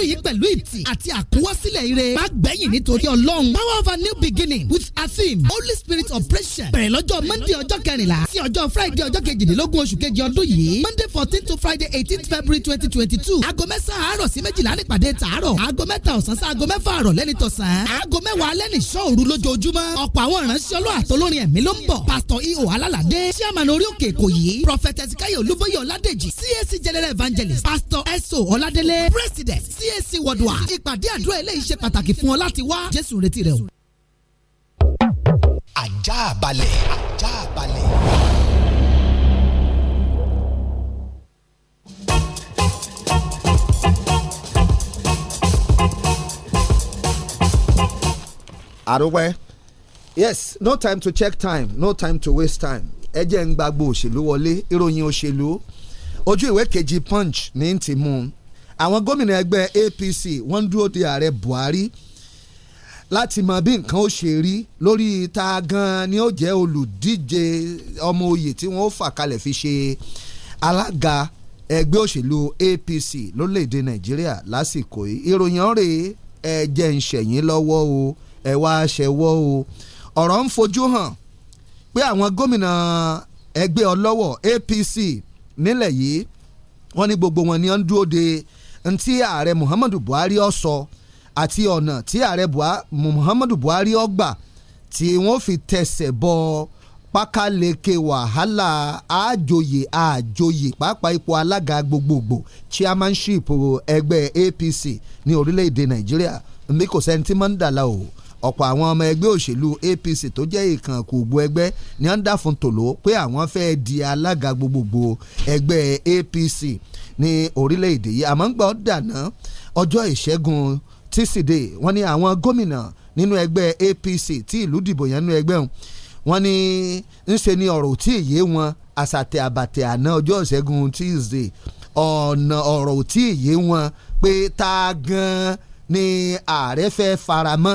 eléyìí pẹ̀lú ìtì àti àkúwọ́sílẹ̀ ire má gbẹ̀yìn nítorí ọlọ́run power of a new beginning with asim holy spirit operation bẹ̀rẹ̀ lọ́jọ́ monday ọjọ́ kẹrìnlá sí ọjọ́ friday ọjọ́ kejìdínlógún oṣù kejì ọdún yìí monday fourteen to friday eighteen february twenty twenty two aago mẹ́sàn-án àárọ̀ sí méjìlá nípàdé tààrọ̀ aago mẹ́ta ọ̀sán sí aago mẹ́fà àrọ̀ lẹ́ni tọ̀sán aago mẹ́wàá lẹ́ni ṣọ́ọ̀rù lójoojúmọ́ ọ̀pọ̀ àwọn ìránṣẹ́ ọlọ́ àtolórin ẹ̀mí e prophet ezekiel olúbóyè ọládèjì cac general evangelist pastor eso ọládélé president CAC wọ̀dùà ìpàdé àdúrà eléyìí ṣe pàtàkì fún ọ láti wá Jésù retí rẹ o. ajá balẹ̀ ajá balẹ̀. àrùwẹ́. yes no time to check time no time to waste time ẹ jẹ́ ń gbàgbọ́ òṣèlú wọlé ìròyìn òṣèlú ojú ìwé kejì punch ní ti mú un àwọn gómìnà ẹgbẹ́ APC wọ́n dúró de ààrẹ Buhari láti mọ bí nǹkan ó ṣe rí lórí ta gan ni ó jẹ́ olùdíje ọmọ oyè tí wọ́n fà kalẹ̀ fi ṣe alága ẹgbẹ́ òṣèlú APC lórílẹ̀‐èdè Nàìjíríà lásìkò yìí ìròyìn ọ̀rẹ́ ẹ jẹ́ ń ṣẹ̀yìn lọ́wọ́ o ẹ wá ṣẹ̀wọ́ o ọ̀rọ̀ ń fojú hàn pé àwọn gómìnà ẹgbẹ́ ọlọ́wọ̀ APC nílẹ̀ yìí wọ́n ní gbogbo wọn ni ó ń dúró de ntí ààrẹ Muhammadu Buhari ó sọ àti ọ̀nà tí ààrẹ Muhammadu Buhari ó gbà tí wọ́n fi tẹsẹ̀ bọ pákáleke wàhálà àjòyè àjòyè pàápàá ipò alága gbogbogbò chairmanship ẹgbẹ́ APC ní orílẹ̀-èdè Nàìjíríà ní kò sẹ́ni tí máa ń dàlà o ọ̀pọ̀ àwọn ọmọ ẹgbẹ́ òṣèlú APC tó jẹ́ ìkànnì kògbó ẹgbẹ́ ni wọ́n ń dà fún tòló pé àwọn fẹ́ di alága gbogbogbò ẹgbẹ́ APC ní orílẹ̀-èdè yìí àmọ́ ń gbọ́ dànù ọjọ́ ìṣẹ́gun tíṣídẹ̀ẹ́ wọ́n ní àwọn gómìnà nínú ẹgbẹ́ APC tí ìlú dìbò yẹn nínú ẹgbẹ́ wọn wọ́n ní ńṣe ni ọ̀rọ̀ tí ìyé wọn àsàtẹ̀ àbàtẹ̀ àná ọjọ́ ìṣẹ́gun Tuesday ọ̀nà ọ̀rọ̀ tí ìyé wọn pé ta gan ni ààrẹ fẹ́ faramọ́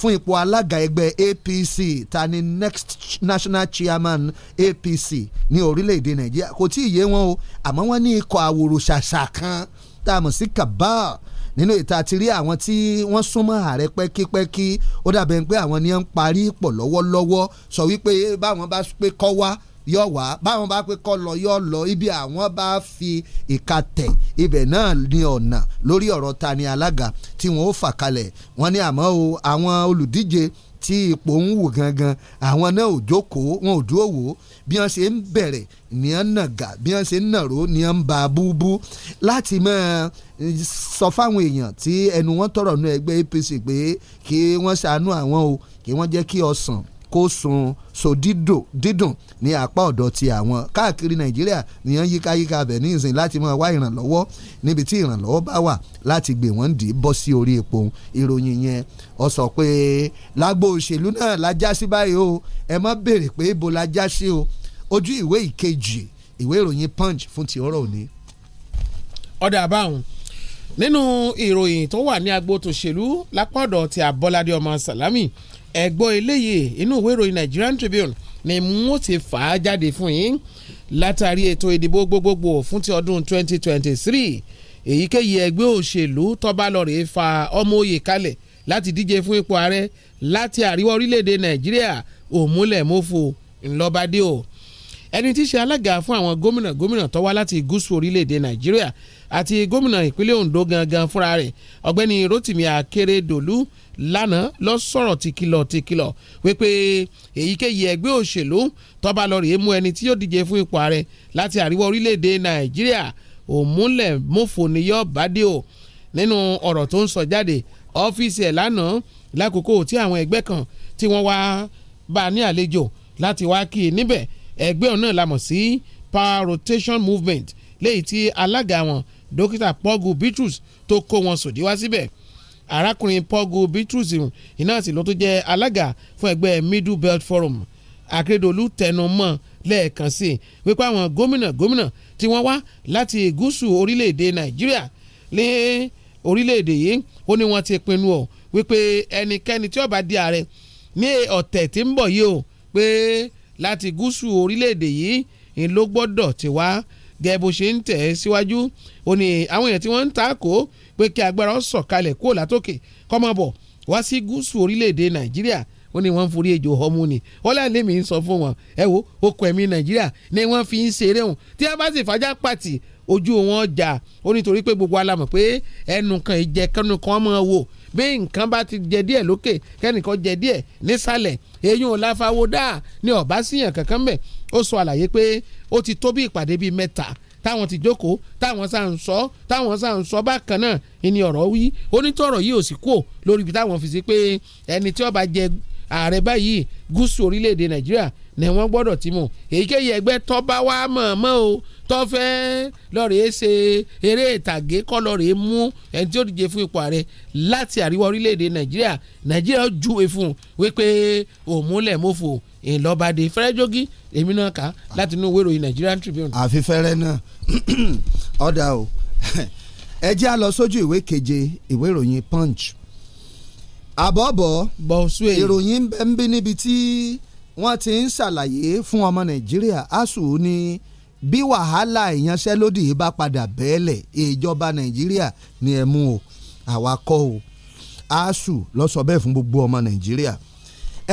fún ipò alága ẹgbẹ́ APC ta ni next national chairman APC ní orílẹ̀-èdè Nàìjíríà kò tí ì yé wọn o àmọ́ wọ́n ní ikọ̀ àwòrò-ṣàṣà kan tá a mọ̀ sí kabal nínú ìta ti rí àwọn tí wọ́n súnmọ́ ààrẹ pẹ́kípẹ́kí ó dàbẹ̀ pé àwọn ni wọ́n ń parí pọ̀ lọ́wọ́lọ́wọ́ sọ wípé báwọn bá pé kọ́ wá yọ wá báwọn bá pé kọ́ lọ yọ lọ ibi àwọn bá fi ìka tẹ̀ ibẹ̀ náà ní ọ̀nà lórí ọ̀rọ̀ ta ni alága tí wọ́n ó fà kalẹ̀ wọ́n ní àmọ́ o àwọn olùdíje tí ipò ń wù gangan àwọn náà ò jókòó wọn ò dúró wò ó bí wọ́n ṣe ń bẹ̀rẹ̀ ní ọ́n nàgà bí wọ́n ṣe ń nàró ní ọ́n ba búbú láti máa eh, sọ fáwọn èèyàn tí ẹnu wọn tọrọ nú ẹgbẹ́ APC pé kí wọ́n ṣàánú àwọn o kí wọ́n jẹ́ kí ọsàn kó sun so dídùn ní apá ọ̀dọ̀ ti àwọn káàkiri nàìjíríà nìyẹn yíkáyíká abẹ ní ìsìn láti máa wá ìrànlọ́wọ́ níbi tí ìrànlọ́wọ́ bá wà láti gbé wọ́n dì í bọ́ sí orí epo ìròyìn yẹn ó sọ pé lágbo òṣèlú náà la já sí báyìí o ẹ má béèrè pé ibo la já sí o ojú ìwé ìkejì ìwé ìròyìn punch fún ti ọ̀rọ̀ òní. ọ̀dà àbáhùn nínú ìròyìn tó wà ní agbo tòṣèlú lápá ọ̀dọ̀ ti ẹ̀gbọ́n eléyìí inú ìwé ìròyìn Nigerian Tribune ni mo ti fà á jáde fún yín látàrí ètò ìdìbò gbogbogbò fún ti ọdún 2023 èyíkéyìí ẹgbẹ́ òṣèlú tó bá lọ rèé fa ọmọ òye kalẹ̀ láti díje fún ipò ààrẹ láti àríwá orílẹ̀-èdè Nàìjíríà òmúlẹ̀mófo ńlọ́badé o ẹni tí í ṣe alága fún àwọn gómìnà gómìnà tó wá láti gúúsù orílẹ̀-èdè Nàìjíríà àti gómìnà ìpínlẹ̀ Ondo gangan fúnra rẹ̀ ọ̀gbẹ́ni Rotimi Akeredolu lánàá lọ sọ̀rọ̀ tìkìlọ̀ tìkìlọ̀ wípé èyíkéyìí ẹgbẹ́ òṣèlú tó bá lọ rèé mú ẹni tí yóò díje fún ipò ààrẹ láti àríwá orílẹ̀-èdè nàìjíríà òmúlẹ̀ mọ́fò ni yóò o nínú ọ̀rọ̀ tó ń sọ jáde ọ́fíìsì ẹ̀ lánàá lákòókò tí àwọn ẹgbẹ́ kan tí wọ́n wá bá a ní àlejò láti wá kí i níbẹ̀ ẹgbẹ́ ọ̀nà la mọ̀ sí power rotation movement léyìí tí alága wọn dókítà pọ́gù Bitrus tó kó wọn sòdí wá síbẹ̀ si arákùnrin Pogu Bitrus iná sì ló tún jẹ́ alága fún ẹgbẹ́ Middle Belt Forum Akérèdọ́lù tẹnumọ́ lẹ́ẹ̀kan sí wípé àwọn gómìnà gómìnà tí wọ́n wá láti gúúsù orílẹ̀-èdè Nàìjíríà ní orílẹ̀-èdè yìí ó ní wọ́n ti pinnu ọ̀ wípé ẹnikẹ́ni tí ó bá di ààrẹ ní ọ̀tẹ̀ tí ń bọ̀ yìí o pé láti gúúsù orílẹ̀-èdè yìí ló gbọ́dọ̀ ti wá gẹ́gẹ́ bó ṣe ń tẹ̀ ẹ́ síwájú ó ní àwọn èèyàn tí wọ́n ń takò pé kí agbára ó sọ̀kalẹ̀ kúrò látòkè kọ́mọ bọ̀ wá sí gúúsù orílẹ̀-èdè nàìjíríà ó ní wọ́n ń forí ejò ọmú ni ó láǹlẹ́ mi ń sọ fún wọn ẹ wo okùn ẹ̀mí nàìjíríà ni wọ́n fi ń ṣeré hùn tí a bá sì fàájà pàtì ojú wọn jà ó nítorí pé gbogbo alamọ̀ pé ẹnu kan ìjẹ kẹnu kan mọ̀ wò bí nǹkan bá ti jẹ díẹ̀ lókè kẹ́nìkan jẹ díẹ̀ nísàlẹ̀ eyín ò láfáwó dáa ni ọ̀bá síyàn kankan bẹ̀ ó sọ àlàyé pé ó ti tó bí ìpàdé bíi mẹ́ta táwọn ti jókòó táwọn sá ń sọ táwọn sá ń sọ bákan náà ìní ọ̀rọ̀ wí onítọ̀rọ̀ yìí ò sì kúò lórí ibi táwọn fi sí pé ẹni tí ó jẹ ààrẹ báyìí gúúsù orílẹ̀-èdè Nàìjíríà ni wọ́n gbọ́dọ̀ ti mú èyíkéyìí ẹgbẹ́ tó bá wá mọ̀ọ́mọ́ o tó fẹ́ lọ́ọ̀rẹ́ ṣe eré ìtàgé kọ́ lọ́ọ̀rẹ́ mú ẹni tí ó díje fún ipò ààrẹ láti àríwá orílẹ̀-èdè nàìjíríà nàìjíríà júwe fún wípé òmùlẹ̀ mọ́fò ìlọ́bàdé fẹ́rẹ́ jogi èmi náà kà láti inú ìwé ìròyìn Nigerian Tribune. àfi fẹ́rẹ́ náà ọ̀dà o ẹ jẹ́ a lọ sójú ìwé keje ìwé ìròyìn Punch àbọ̀bọ̀ ìròyìn ń bẹ níbi tí wọ́n ti ń ṣàlàyé fún ọmọ nàìjíríà asuu ní bí wàhálà ìyanṣẹ́lódì yìí bá padà bẹ́ẹ̀lẹ̀ ìjọba nàìjíríà ni ẹ mú o àwa kọ́ o asuu lọ sọ bẹ́ẹ̀ fún gbogbo ọmọ nàìjíríà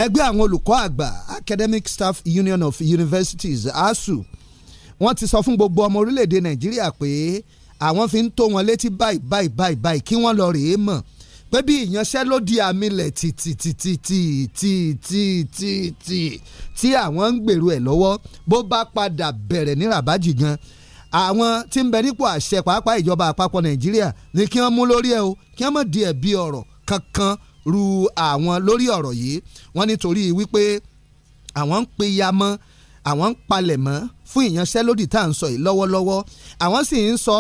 ẹgbẹ́ àwọn olùkọ́ àgbà academic staff union of universities Asu. wọ́n ti sọ fún gbogbo ọmọ orílẹ̀-èdè nàìjíríà pé àwọn fi ń tó wọn létí báyìí báyìí báyìí báyìí kí wọ́n lọ rèé mọ̀ pé bí ìyanṣẹ́lódì amilẹ̀ ti ti àwọn ń gbèrú ẹ̀ lọ́wọ́ bó bá padà bẹ̀rẹ̀ ní ràbájì gan àwọn tí ń bẹ nípò àṣẹ pàápàá ìjọba àpapọ̀ Nàìjíríà ni kí wọ́n mú lórí ẹ̀ o kí wọ́n mọ̀ di ẹ̀bi ọ̀rọ̀ kankan ru àwọn lórí ọ̀rọ̀ yìí wọ́n nítorí wípé àwọn ń pe ya mọ́ àwọn ń palẹ̀ mọ́ fún ìyanṣẹ́lódì tá à ń sọ yìí lọ́wọ́lọ́wọ́ àwọn sì ń sọ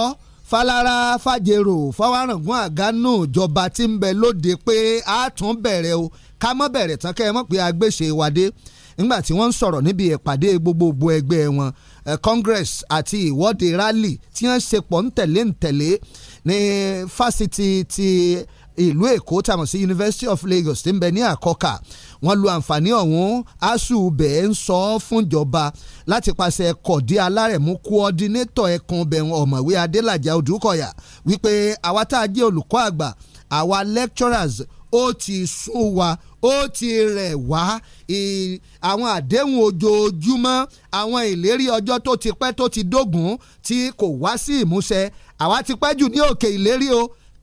falara fàjèrò fọwọ́rọ̀gùn àgánú ìjọba tí ń bẹ lóde pé a tún bẹ̀rẹ̀ o ká mọ́ bẹ̀rẹ̀ tán kẹ́ ẹ mọ̀ pé agbéṣe ìwádé nígbà tí wọ́n ń sọ̀rọ̀ níbi ìpàdé gbogbogbò ẹgbẹ́ wọn Congress àti ìwọ́de rally tí wọ́n ṣe pọ̀ ń tẹ̀lé ń ní fásitì ti ìlú Èkó tàmọ̀ sí University of Lagos tí ń bẹ ní àkọ́kà wọ́n lu àǹfààní ọ̀hún asu bẹ́ẹ̀ ń sọ ọ́ fúnjọba láti pàṣẹ kọ̀dí alárẹ̀mú kọ́ọ́dínétọ̀ ẹ̀kan bẹ̀rùn ọ̀mọ̀wé adélàjà odúkọ̀yà wípé àwa tá a jẹ́ olùkọ́ àgbà àwa lecturers ó ti sún wa ó ti rẹ̀ wá àwọn àdéhùn ojoojúmọ́ àwọn ìlérí ọjọ́ tó ti pẹ́ tó ti dógùn tí kò wá sí ìmúṣẹ àwa ti pẹ́ jù ní òkè ìlérí o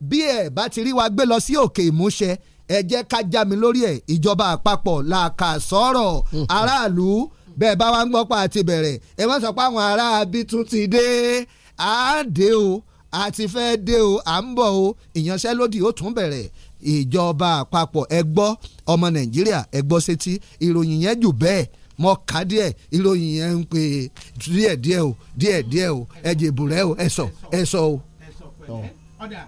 bí ẹ̀ bá ti rí wa gbé lọ sí òkè ìmúṣẹ ẹ jẹ́ ká já mi lórí ẹ̀ ìjọba àpapọ̀ la kà sọ̀rọ̀ hmm. aráàlú bẹ́ẹ̀ bá wa ń gbọ́ pa àti bẹ̀rẹ̀ ẹ má sọ pé àwọn ará abí tún ti dé àádé o àti fẹ́ dé o à ń bọ̀ o ìyanṣẹ́lódì ó tún bẹ̀rẹ̀ ìjọba àpapọ̀ ẹ gbọ́ ọmọ nàìjíríà ẹ gbọ́ sétí ìròyìn yẹn jù bẹ́ẹ̀ mọ ká díẹ̀ ìròyìn yẹn ń pè díẹ̀ díẹ̀ o díẹ̀ díẹ̀ o ẹ jèbù rẹ o ẹ sọ ẹ sọ o. ọ̀dà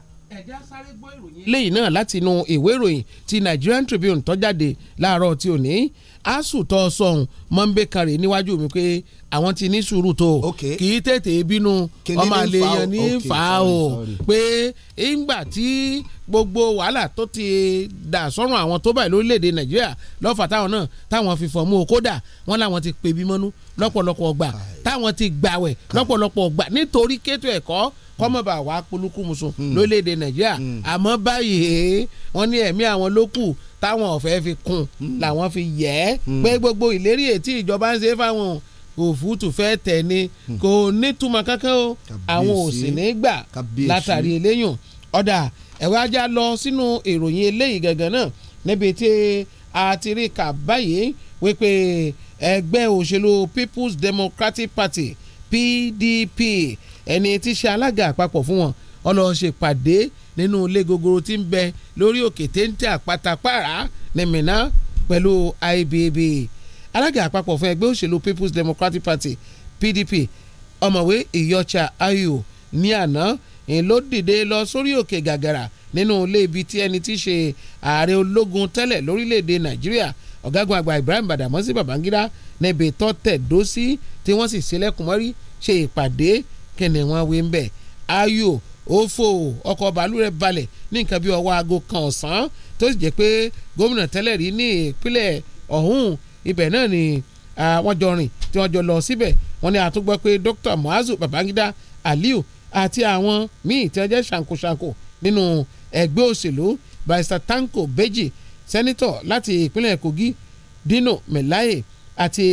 léyìí náà láti inú ìwé ìròyìn ti Nigerian Tribune tó jáde láàárọ̀ tí ò ní asuu tó sọ̀hún mọ́ńbẹ́ kan rè níwájú mi pé àwọn ti ní sùúrù tó kì í tètè bínú ọmọ àlèyàn ní fà á o pé ńgbà tí gbogbo wàhálà tó ti dà sọ́run àwọn tó báyìí lórílẹ̀‐èdè nàìjíríà lọ́fà táwọn náà táwọn fi fọ̀mú o kódà wọ́n láwọn ti pè bí mọ́nú lọ́pọ̀lọpọ̀ ọgbà táwọn ti gbàwẹ̀ lọ́pọ̀lọpọ̀ ọgbà nítorí kétò ẹ̀kọ́ kọ́mọ̀bà wàá polúkú musu hmm. lórílẹ̀‐èdè nàìjíríà hmm. àmọ́ báyìí wọ́n ní ẹ̀mí àwọn ló kù táwọn ọ̀fẹ́ fi kún hmm. làwọn fi yẹ̀ ẹ́ pé gbogbo ìlérí ètí ìjọba ń ṣe fáwọn òfútù fẹ́ tẹ̀ ni kò nítumọ̀ kankan o àwọn ò sì ní gbà látàrí eléyùn ọ̀dà ẹ̀wẹ́ ajá lọ sínú ìròyìn eléyìí gangan náà níbi tí a ti rí kà báyìí wípé ẹgbẹ́ òṣèlú People's Democratic Party PDP ẹni tí ṣe alága àpapọ̀ fún wọn ọlọ́ọ̀ṣèpàdé nínú ilé gogoro tí ń bẹ lórí òkè téńté àpáta pààrà ní pẹ̀lú IBB alága àpapọ̀ fún ẹgbẹ́ òṣèlú People's Democratic Party PDP ọ̀mọ̀wé Ìyọ̀chà Ayọ̀ ní àná ló dìde lọ sórí òkè gàgàrà nínú ilé ibi tí ẹni tí ṣe ààrẹ ológun tẹ́lẹ̀ lórílẹ̀‐èdè Nàìjíríà ọ̀gágun àgbà Ibrahim Badamasi Babangida níbi tó tẹ̀dó sí tí wọ́n sì ṣílẹ̀kùn mọ́rí ṣe ìpàdé kí ni wọ́n wí ń bẹ̀ ayò òfò ọkọ̀ bàálù rẹ̀ balẹ̀ ní nǹkan bí ọwọ́ aago kan ọ̀sán tó sì jẹ́ pé gómìnà tẹ́lẹ̀ rí ní ìpínlẹ̀ ọ̀hún ibẹ̀ náà ni wọ́n jọ rìn tí wọ́n jọ lọ síbẹ̀ wọ́n ní àtúgbọ́ pé Dr. Muazu Babangida Aliu àti àwọn míì tí wọ́n jẹ́ ṣàǹkóṣàǹkó nínú ẹgbẹ́ òṣèlú Barrister Tanko Beji sẹ́nitọ̀ láti ìpínlẹ̀ Kogi Dino Melaye àti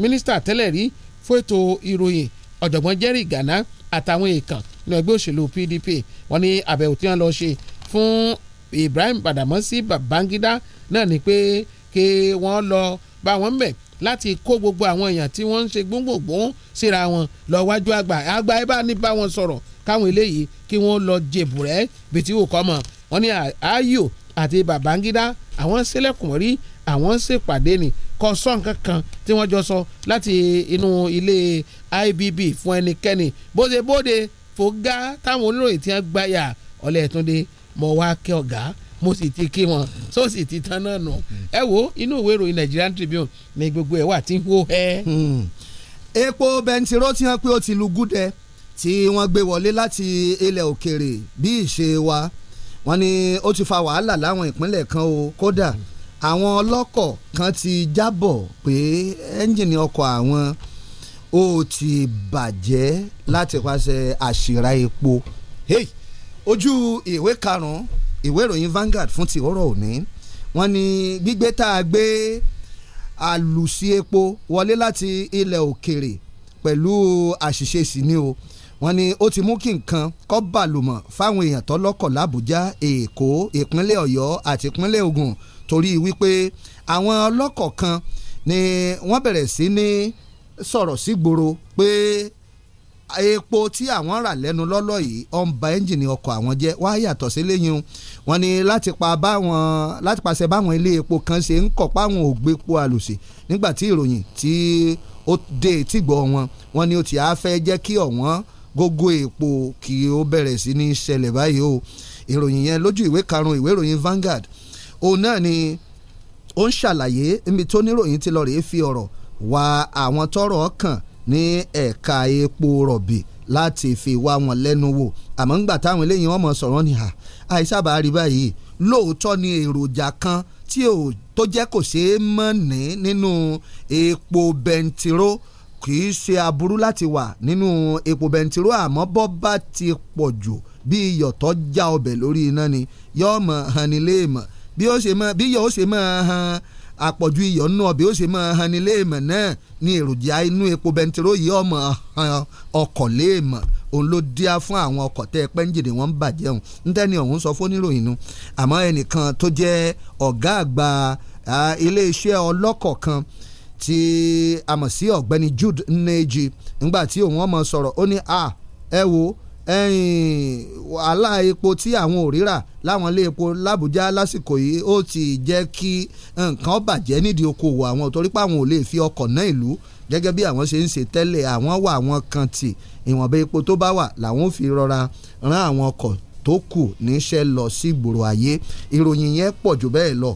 mínísítà tẹ́lẹ̀ rí fún ìròyìn ọ̀jọ̀gbọ́n Jerry Gana àtàwọn èèkàn ní ẹgbẹ́ òṣèlú PDP wọ́n ní àbẹ̀wò tí wọ́n lọ ṣe fún Ibrahim Badamasi Babangida náà ni pé kí wọ́n lọ bá wọn mẹ̀ láti kó gbogbo àwọn èèyàn tí wọ́n ń ṣe gbóngbòngbóng síra wọn lọ wájú àgbà àgbà ẹ bá ní bá wọn sọ̀rọ̀ káwọn eléyìí kí wọ́n lọ jèbù rẹ́ bìtì wò kọ́ mọ̀ wọ́n ní Ayo àti Babangida àwọn sílẹ̀kùn rí àwọn ṣèpàdé ni kò sọ nǹkan kan tí wọ́n jọ sọ láti inú ilé IBB fún ẹnikẹ́ni bóde bóde fògá táwọn oníròyìn ti ń gbáyà ọ̀lẹ́ ìtúndé mọ̀ wá kẹ́ ọ̀gá mo sì ti kí wọn so sì ti tán náà nù ẹ wo inú ìwé ìròyìn Nigerian Tribune ní gbogbo ẹ̀ wà tí ń hó ẹ. Hmm. epo bẹntiró ti hàn pé ó ti lu gúdẹ tí wọ́n gbé wọlé láti ilẹ̀ òkèèrè bí ìṣe wa wọ́n ní ó ti fa wàhálà láwọn ìpínlẹ̀ kan o kódà. Mm -hmm àwọn ọlọ́kọ̀ kan ti jábọ̀ pé ẹ́ńjìnì ọkọ̀ àwọn ó ti bàjẹ́ láti pàṣẹ àṣìrà epo hey, ojú ìwé karùn-ún ìwé ìròyìn Vanguard fún ti ọ̀rọ̀ òní wọ́n ní gbígbé tá a gbé àlùsí epo wọlé láti ilẹ̀ òkèrè pẹ̀lú àṣìṣe sí ni o wọ́n ní ó ti mú kí nǹkan kọ́ bàlùmọ̀ fáwọn èèyàn tó lọ́kọ̀ l'Àbújá Èkó ìpínlẹ̀ Ọ̀yọ́ àti ìpínlẹ̀ Ògùn torí wípé àwọn ọlọ́kọ̀ kan ni wọ́n bẹ̀rẹ̀ sí ní sọ̀rọ̀ sí gbòòrò pé epo tí àwọn rà lẹ́nu lọ́lọ́ yìí ó ń ba ẹ́ńjìnì ọkọ̀ àwọn jẹ́ wá yàtọ̀ sí lẹ́yìn wọn ni láti pa báwọn láti pàṣẹ báwọn ilé epo kan ṣe ń kọ̀ páwọn ò gbé epo àlòṣe nígbà tí ìròyìn tí ó dé tìgbọ́ wọn wọn ni ó ti á fẹ́ jẹ́ kí ọ̀wọ́n gógó epo kí ó bẹ̀rẹ̀ sí ní ṣẹlẹ̀ báyìí o ìròyìn yẹn lójú ìwé karùn-ún ìwé ìròyìn Vanguard òun náà ni ó ń ṣàlàyé níbi tó níròyìn ti lọ rèé fi ọ̀rọ̀ wá àwọn tọ́rọ̀ kàn ní ẹ̀ka epo rọ̀bì láti fi wá wọn lẹ́nu wò àmọ́ ńgbà táwọn eléyìí wọ́n mọ̀ sọ̀rọ̀ ni à àìsábà rí báyìí lóòótọ́ ni èròjà kan tí ò tó jẹ́ kò ṣeé mọ̀ ní nínú epo bẹntiró kì í ṣe aburú láti wà nínú epo bẹntiró àmọ́ bọ́ bá ti pọ̀ jù bí iyọ̀ tó já ọbẹ̀ lórí iná ni yọ́ọ̀mọ̀ haniléèmọ̀ bí ó ṣe mọ bí yọ ó ṣe mọ han àpọ̀jù iyọ̀ nù ọbẹ̀ ó ṣe mọ han ní léèmọ̀ náà ní èròjà inú epo bẹntiró yìí ọmọ ọkọ̀ léèmọ̀ òun ló díá fún àwọn ọkọ̀ tẹ́ ẹ pẹ́ńjìdì wọ́n ń bàjẹ́ òun ntẹ́ni ọ̀hún sọ fún oníròyìn nu àmọ́ ẹnìkan tó jẹ́ ọ̀gá àgbà iléeṣẹ́ ọlọ́kọ̀ kan tí a mọ̀ sí ọ̀gbẹ́ni Jude Nneji ńgbà tí òun ọmọ sọ̀rọ̀ ó ní a ẹ wo wàhálà epo tí àwọn ò ríra láwọn ilé epo làbújá lásìkò yìí ó ti jẹ́ kí nǹkan bàjẹ́ nídìí okòwò àwọn torí pé àwọn ò lè fi ọkọ̀ náà ìlú gẹ́gẹ́ bí àwọn ṣe ń ṣe tẹ́lẹ̀ àwọn wà àwọn kan tì ìwọ̀nba epo tó bá wà làwọn ò fi rọra rán àwọn ọkọ̀ tó kù níṣẹ́ lọ sí gbòòrò ayé ìròyìn yẹn pọ̀ jù bẹ́ẹ̀ lọ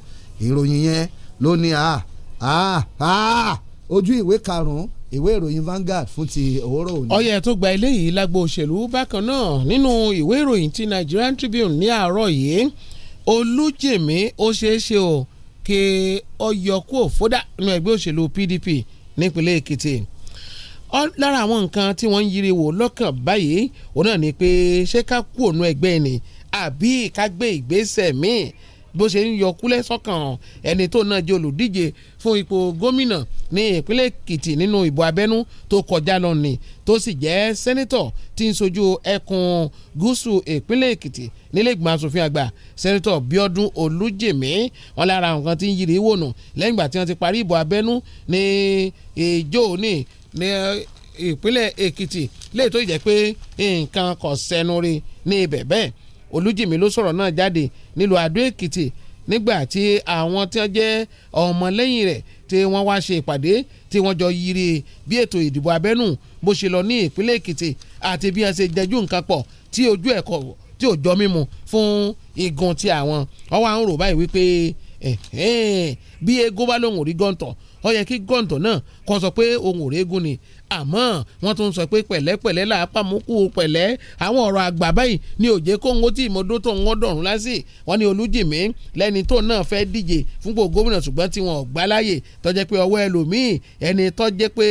ìròyìn yẹn ló ní a a a ojú ìwé karùn-ún ìwé ìròyìn Vanguard fún ti òwúrọ̀ òní. ọyẹ tó gba eléyìí lágbo òṣèlú bákan náà nínú ìwé ìròyìn ti Nigerian Tribune ní àárọ̀ yìí Olújèmí ó ṣeéṣe o kí ọyọkú òfódà nínú ẹgbẹ́ òṣèlú PDP nípínlẹ̀ Èkìtì lára àwọn nǹkan tí wọ́n ń yiri wò lọ́kàn báyìí òun náà ni pé ṣé ká kú òun ẹgbẹ́ ni àbí ká gbé ìgbésẹ̀ míì bó ṣe ń yọ kúlẹ̀ sọ́kàn ẹni tó náà jẹ́ olùdíje fún ipò gómìnà ní ìpínlẹ̀ Èkìtì nínú ìbò abẹ́nú tó kọjá lọ ni tó sì jẹ́ sẹ́nítọ̀ tí ń sojú ẹkùn gúúsù ìpínlẹ̀ Èkìtì nílé ìgbìmọ̀ asòfin àgbà sẹ́nítọ̀ Bíọ́dún Olújèmí wọn lára nǹkan tí ń yiri wònù lẹ́yìn ìgbà tí wọ́n ti parí ìbò abẹ́nú ní ìjó ní ìpínlẹ̀ Èkìtì léè tó jẹ́ pé nǹkan kò sẹ́nu rí ní ibẹ̀ bẹ́ẹ̀ olújìmí ló sọ̀rọ̀ náà jáde nílùú àdó èkìtì nígbà tí àwọn tí wọ́n jẹ́ ọmọlẹ́yìn rẹ̀ tí wọ́n wá ṣe ìpàdé tí wọ́n jọ yiri bí ètò ìdìbò abẹ́nú bó ṣe lọ ní ìpínlẹ̀ èkìtì àti bí wọ́n ṣe jẹjú nǹkan pọ̀ tí ojú ẹ̀kọ́ tí ò jọ mímu fún igun ti àwọn ọwọ́ àwọn rò báyìí wípé bí eégún bá lòun ò rí gọ́ǹtọ̀ ó yẹ kí gọ́ǹtọ̀ náà kọ́ sọ pé ohun òrégún ni àmọ́ wọ́n tún sọ pé pẹ̀lẹ́pẹ̀lẹ́ là á pàmùkù pẹ̀lẹ́ àwọn ọ̀rọ̀ àgbà báyìí ni òjé kóńgó tí ìmọ̀dó tó ń dọ̀rùn lásì wọ́n ní olújìmí lẹ́ni tó náà fẹ́ díje fúnpò gómìnà ṣùgbọ́n tí wọn ò gbá láàyè tó jẹ́ pé ọwọ́ ẹlòmíì ẹni tó pé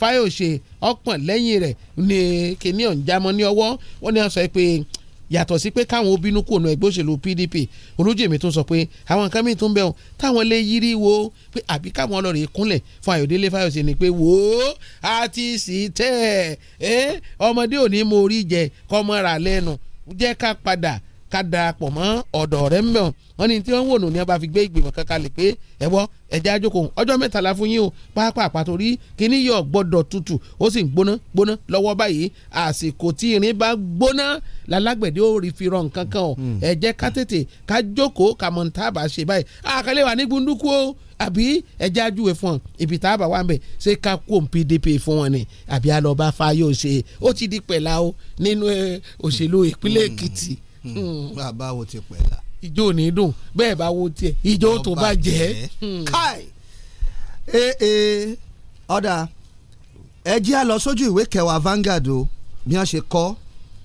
Fáyọ̀ṣe ọ̀pọ̀n lẹ́yìn rẹ̀ ni kìnìún jámọ́ ní ọwọ́ wọ́n ní wọ́n sọ pé yàtọ̀ sí pé káwọn obìnrin kò nu ẹgbẹ́ òṣèlú PDP olójèmí tó sọ pé àwọn nǹkan míì tó ń bẹ̀ wọn táwọn lè yírí wo pé àbí káwọn ọlọ́rin kúnlẹ̀ fún Ayọ̀délé Fáyọ̀sẹ̀ ni pé wò ó a ti sì tẹ́ ẹ ọmọdé òní mo rí jẹ kọ́mọ́ra lẹ́nu jẹ́ ká padà ká darapọ̀ mọ́ ọ̀dọ̀ rẹ̀ ńbẹ̀ wọ́n ní tí wọ́n ń wò nù ní ọba fi gbé ìgbìmọ̀ kankan lè pé ẹ̀wọ́ ẹ̀jẹ̀ àjòkò ọjọ́ mẹ́tàlá fún yín o pápá àpàtó rí kíní yọ̀ gbọ́dọ̀ tutù ó sì ń gbóná gbóná lọ́wọ́ báyìí àsìkò tí irin bá gbóná lálágbẹ̀dẹ ó rí fi rọ nǹkan kan o hmm. ká tètè ká jókòó ká mọ̀ tá a bá ṣe báyìí àkàlẹ́ wà ní gbunduku o àbí ẹ̀jẹ̀ àjúwe fún ọ ibi tá a bá wà ń bẹ̀ ṣé ká kó PDP fún wọn ni àbí alọ́ba fayose ó ti di pẹ̀lá o nínú òṣèlú ìpínlẹ̀ Èkìtì. Mm. Hmm. bá a bá wo ti pẹ̀ la. ìjó ò ní dùn bẹ́ẹ̀ bá wo tiẹ̀ ìjó tó bá jẹ́. Hmm. káì ee eh, eh, ọ̀dà ẹ jẹ́ a lọ sójú ìwé kẹwàá Vanguard o bí wọ́n ṣe kọ́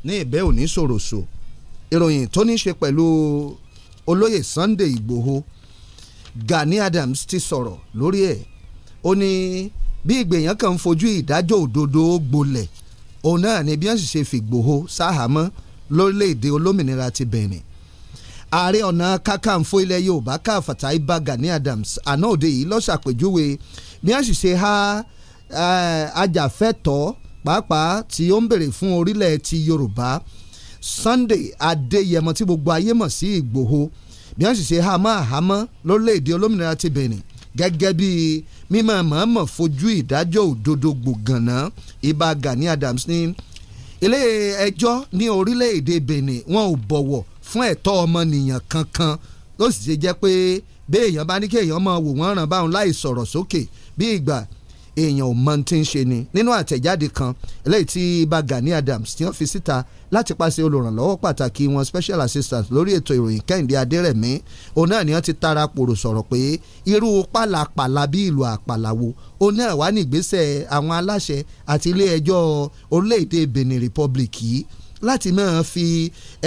ní ìbẹ́ òní sòròsò ìròyìn tó ní ṣe pẹ̀lú olóyè Sunday Ìgbòho Gani Adams ti sọ̀rọ̀ lórí ẹ̀ ó ní bí ìgbèyàn kan fojú ìdájọ́ òdodo gbolẹ̀ òun náà ni bí wọ́n sì ṣe fìgbòho sáhàmọ́ lórílẹ̀‐èdè olómìnira ti Benin ààrẹ ọ̀nà kakanfò ilẹ̀ yorùbá káfàtà ibà Gani Adams àná òde yìí ló ṣàpèjúwe bí a sì ṣe ha eh, ajàfẹ́tọ̀ọ́ pàápàá tí ó ń bèrè fún orílẹ̀ ti yorùbá Sunday Adéyẹmọ tí gbogbo ayé mọ̀ sí Ìgbòho bí a sì ṣe ha mọ́ àhámọ́ lórílẹ̀‐èdè olómìnira ti Benin gẹ́gẹ́ bí mímọ̀ mọ̀ọ́mọ̀ fojú ìdájọ́ òdodo gbògànná ibà Gani Adams ní ilé ẹjọ́ ní orílẹ̀-èdè Benin wọn ò bọ̀wọ̀ fún ẹ̀tọ́ ọmọnìyàn kankan ló sì ṣe jẹ́ pé béèyàn bá ní kéèyàn máa wò wọ́n ràn báwọn láì sọ̀rọ̀ sókè bí ìgbà èèyàn ò mọ tí ń ṣe ni nínú àtẹ̀jáde kan eléyìí tí Ìbà Gani Adams tí wọ́n fi síta láti pàṣẹ olùrànlọ́wọ́ pàtàkì wọn special assistant lórí ètò ìròyìn Kẹ́hìndé Adérẹ̀mí òun náà ni wọ́n ti tara pòrò sọ̀rọ̀ pé irú pàlàpàlà bí ìlú àpàlàwo òun náà wà ní ìgbésẹ̀ àwọn aláṣẹ àti ilé ẹjọ́ orílẹ̀-èdè Benin Republic yìí láti máa fi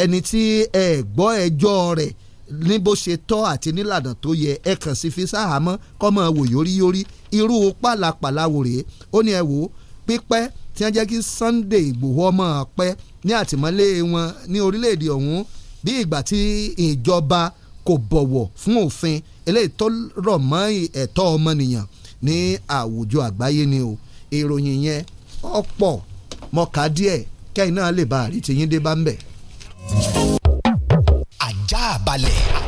ẹni tí ẹ gbọ́ ẹjọ́ rẹ̀ ní bó ṣe tọ́ àti nílànà tó yẹ ẹ kàn sí fi sáhámọ́ kọ́mọ wò yóríyórí irú pàlàpàlà wò rèé ó ní ẹ wò ó pípẹ́ tí wọ́n jẹ́ kí Sunday Ìgbòho ọmọ pẹ́ ní àtìmọ́lé wọn ní orílẹ̀-èdè ọ̀hún bí ìgbà tí ìjọba kò bọ̀wọ̀ fún òfin eléyìí tó rọ̀ mọ́ ẹ̀tọ́ ọmọnìyàn ní àwùjọ àgbáyé ni o ìròyìn yẹn ọ̀pọ̀ mọ̀ká díẹ̀ kẹ́yìn náà lè bá àrítí yín dé bá ń bẹ̀ ajá balẹ̀.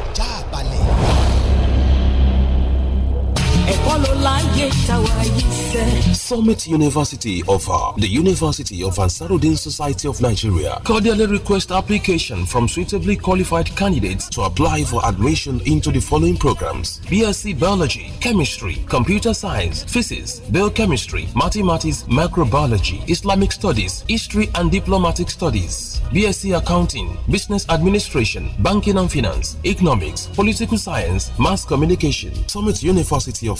Summit University of uh, The University of Ansarudin Society of Nigeria cordially request application from suitably qualified candidates to apply for admission into the following programs BSc Biology, Chemistry, Computer Science, Physics, Biochemistry, Mathematics, Microbiology, Islamic Studies, History and Diplomatic Studies, BSc Accounting, Business Administration, Banking and Finance, Economics, Political Science, Mass Communication. Summit University of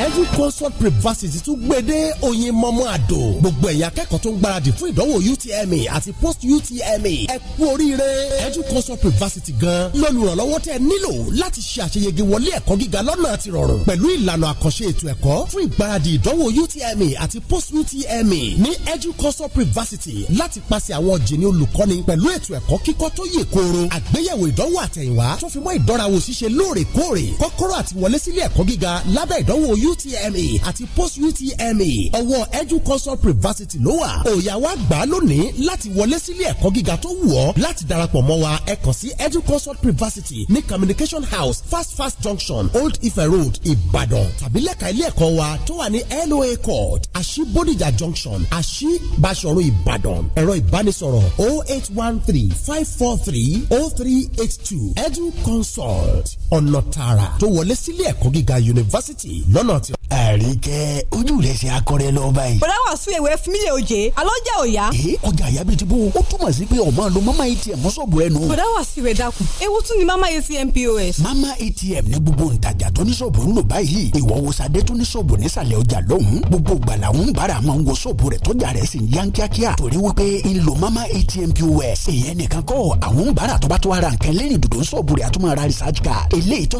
edu consult privacy tún gbede oyin mọ́mọ́ àdó gbogbo ẹ̀yà akẹ́kọ̀ọ́ tó ń gbáradì fún ìdánwò utme àti post utme ẹ kú oríire edu consult privacy gan lọ́lùrànlọ́wọ́ tẹ́ nílò láti ṣe àṣeyege wọlé ẹ̀kọ́ gíga lọ́nà àti rọrùn pẹ̀lú ìlànà àkànṣe ètò ẹ̀kọ́ fún ìgbáradì ìdánwò utme àti post utme ní edu consult privacy láti pàṣẹ àwọn jìnnì olùkọ́ni pẹ̀lú ètò ẹ̀kọ́ kíkọ́ tó yè kooro àgbéyẹ̀wò ìdánwò àtẹ̀yìnwá tó fi mọ́ ìdánrawò ṣíṣe lóòrèkóòrè kọ́kọ́rọ́ àti wọlé sílé ẹ̀kọ́ gíga lábẹ́ ìdánwò UTME àti post UTMA. ọwọ́ educonsult privacity ló wà òòyà wa gbà á lónìí láti wọlé sílé ẹ̀kọ́ gíga tó wù ọ́ láti darapọ̀ mọ́ wa ẹ kàn sí educonsult privacity ní communication house fast fast junction old ife road Ìbàdàn tàbí lẹ́ka ilé ẹ̀kọ́ wa tó wà ní LOA court àṣì Bódìjà junction àṣì Bàṣọ̀run Ìbàdàn ẹ̀rọ ìbánisọ̀rọ̀ o oh eight one three five four three o oh three eight two educonsult ọ̀nà tààrà tó wọlé sílé ẹ̀kọ́ gíga university lọ́nà náà ti. àríkẹ́ ojú rẹ̀ ṣe akọrẹ lọ báyìí. bọ̀dá wà sún ewé fún mi lè oje àlọ́ jẹ́ òya. ee ọjà àyà bíi ti bó o túmọ̀ sí pé ọmọ lo mama atm sọ̀bù rẹ nù. bọ̀dá wà sí ìwé dàkún ewu tún ni mama atm pos. mama atm ní gbogbo ntajà tó ní sọ̀bù ń lò báyìí ìwọ wo sadé tó ní sọ̀bù nísàlẹ̀ ọjà lọ́hùn gbogbo gbala ń bára máa ń wo sọ̀bù rẹ̀ tọ́jà rẹ̀ sì ń yan kíákíá torí wípé ń mama atm pos èèyàn nìkan kọ́ àwọn ń bára tó bá tó ara nǹkan lẹ́yìn dòdò sọ̀bù rẹ̀ àtúmọ̀ ara research card eléyìí tó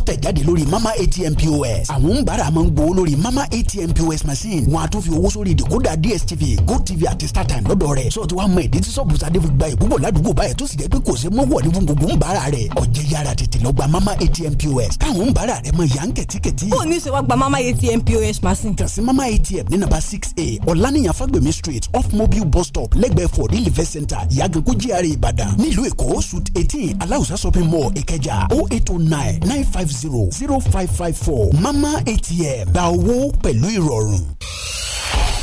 mama atm pos àwọn ń bára sanwó lórí mama atm pos machine wọn a tún fi owó sórí ìdìkúdà dstv gotv àti startime lọ́dọ̀ rẹ̀ sọ ti wá mọ ìdí tí sọ́bùsàdé fi gba ìbúbọ̀ ládùúgbò báyìí tó sì jẹ́ pé kò sí mọ́wọ́ ní gbogbo ń bára rẹ̀ ọ̀jẹ̀ yára tètè lọ gba mama atm pos káwọn ń bára rẹ̀ mọ ìyá ń kẹ̀tíkẹ̀tí. ó ní sèwá gba mama atm pos machine. kàn sí mama atm ní nàbà six a ọ̀lànìyàn fagbemi street off mobile bus stop lẹ́gbẹ̀ẹ́ for the live center ìyàgànkú gr ìbàdàn nílùú èkó suit eighteen aláùsá shopping mall ìkẹjà o oh eight o oh nine nine five zero zero five five four mama atm gba owó pẹ̀lú ìrọ̀rùn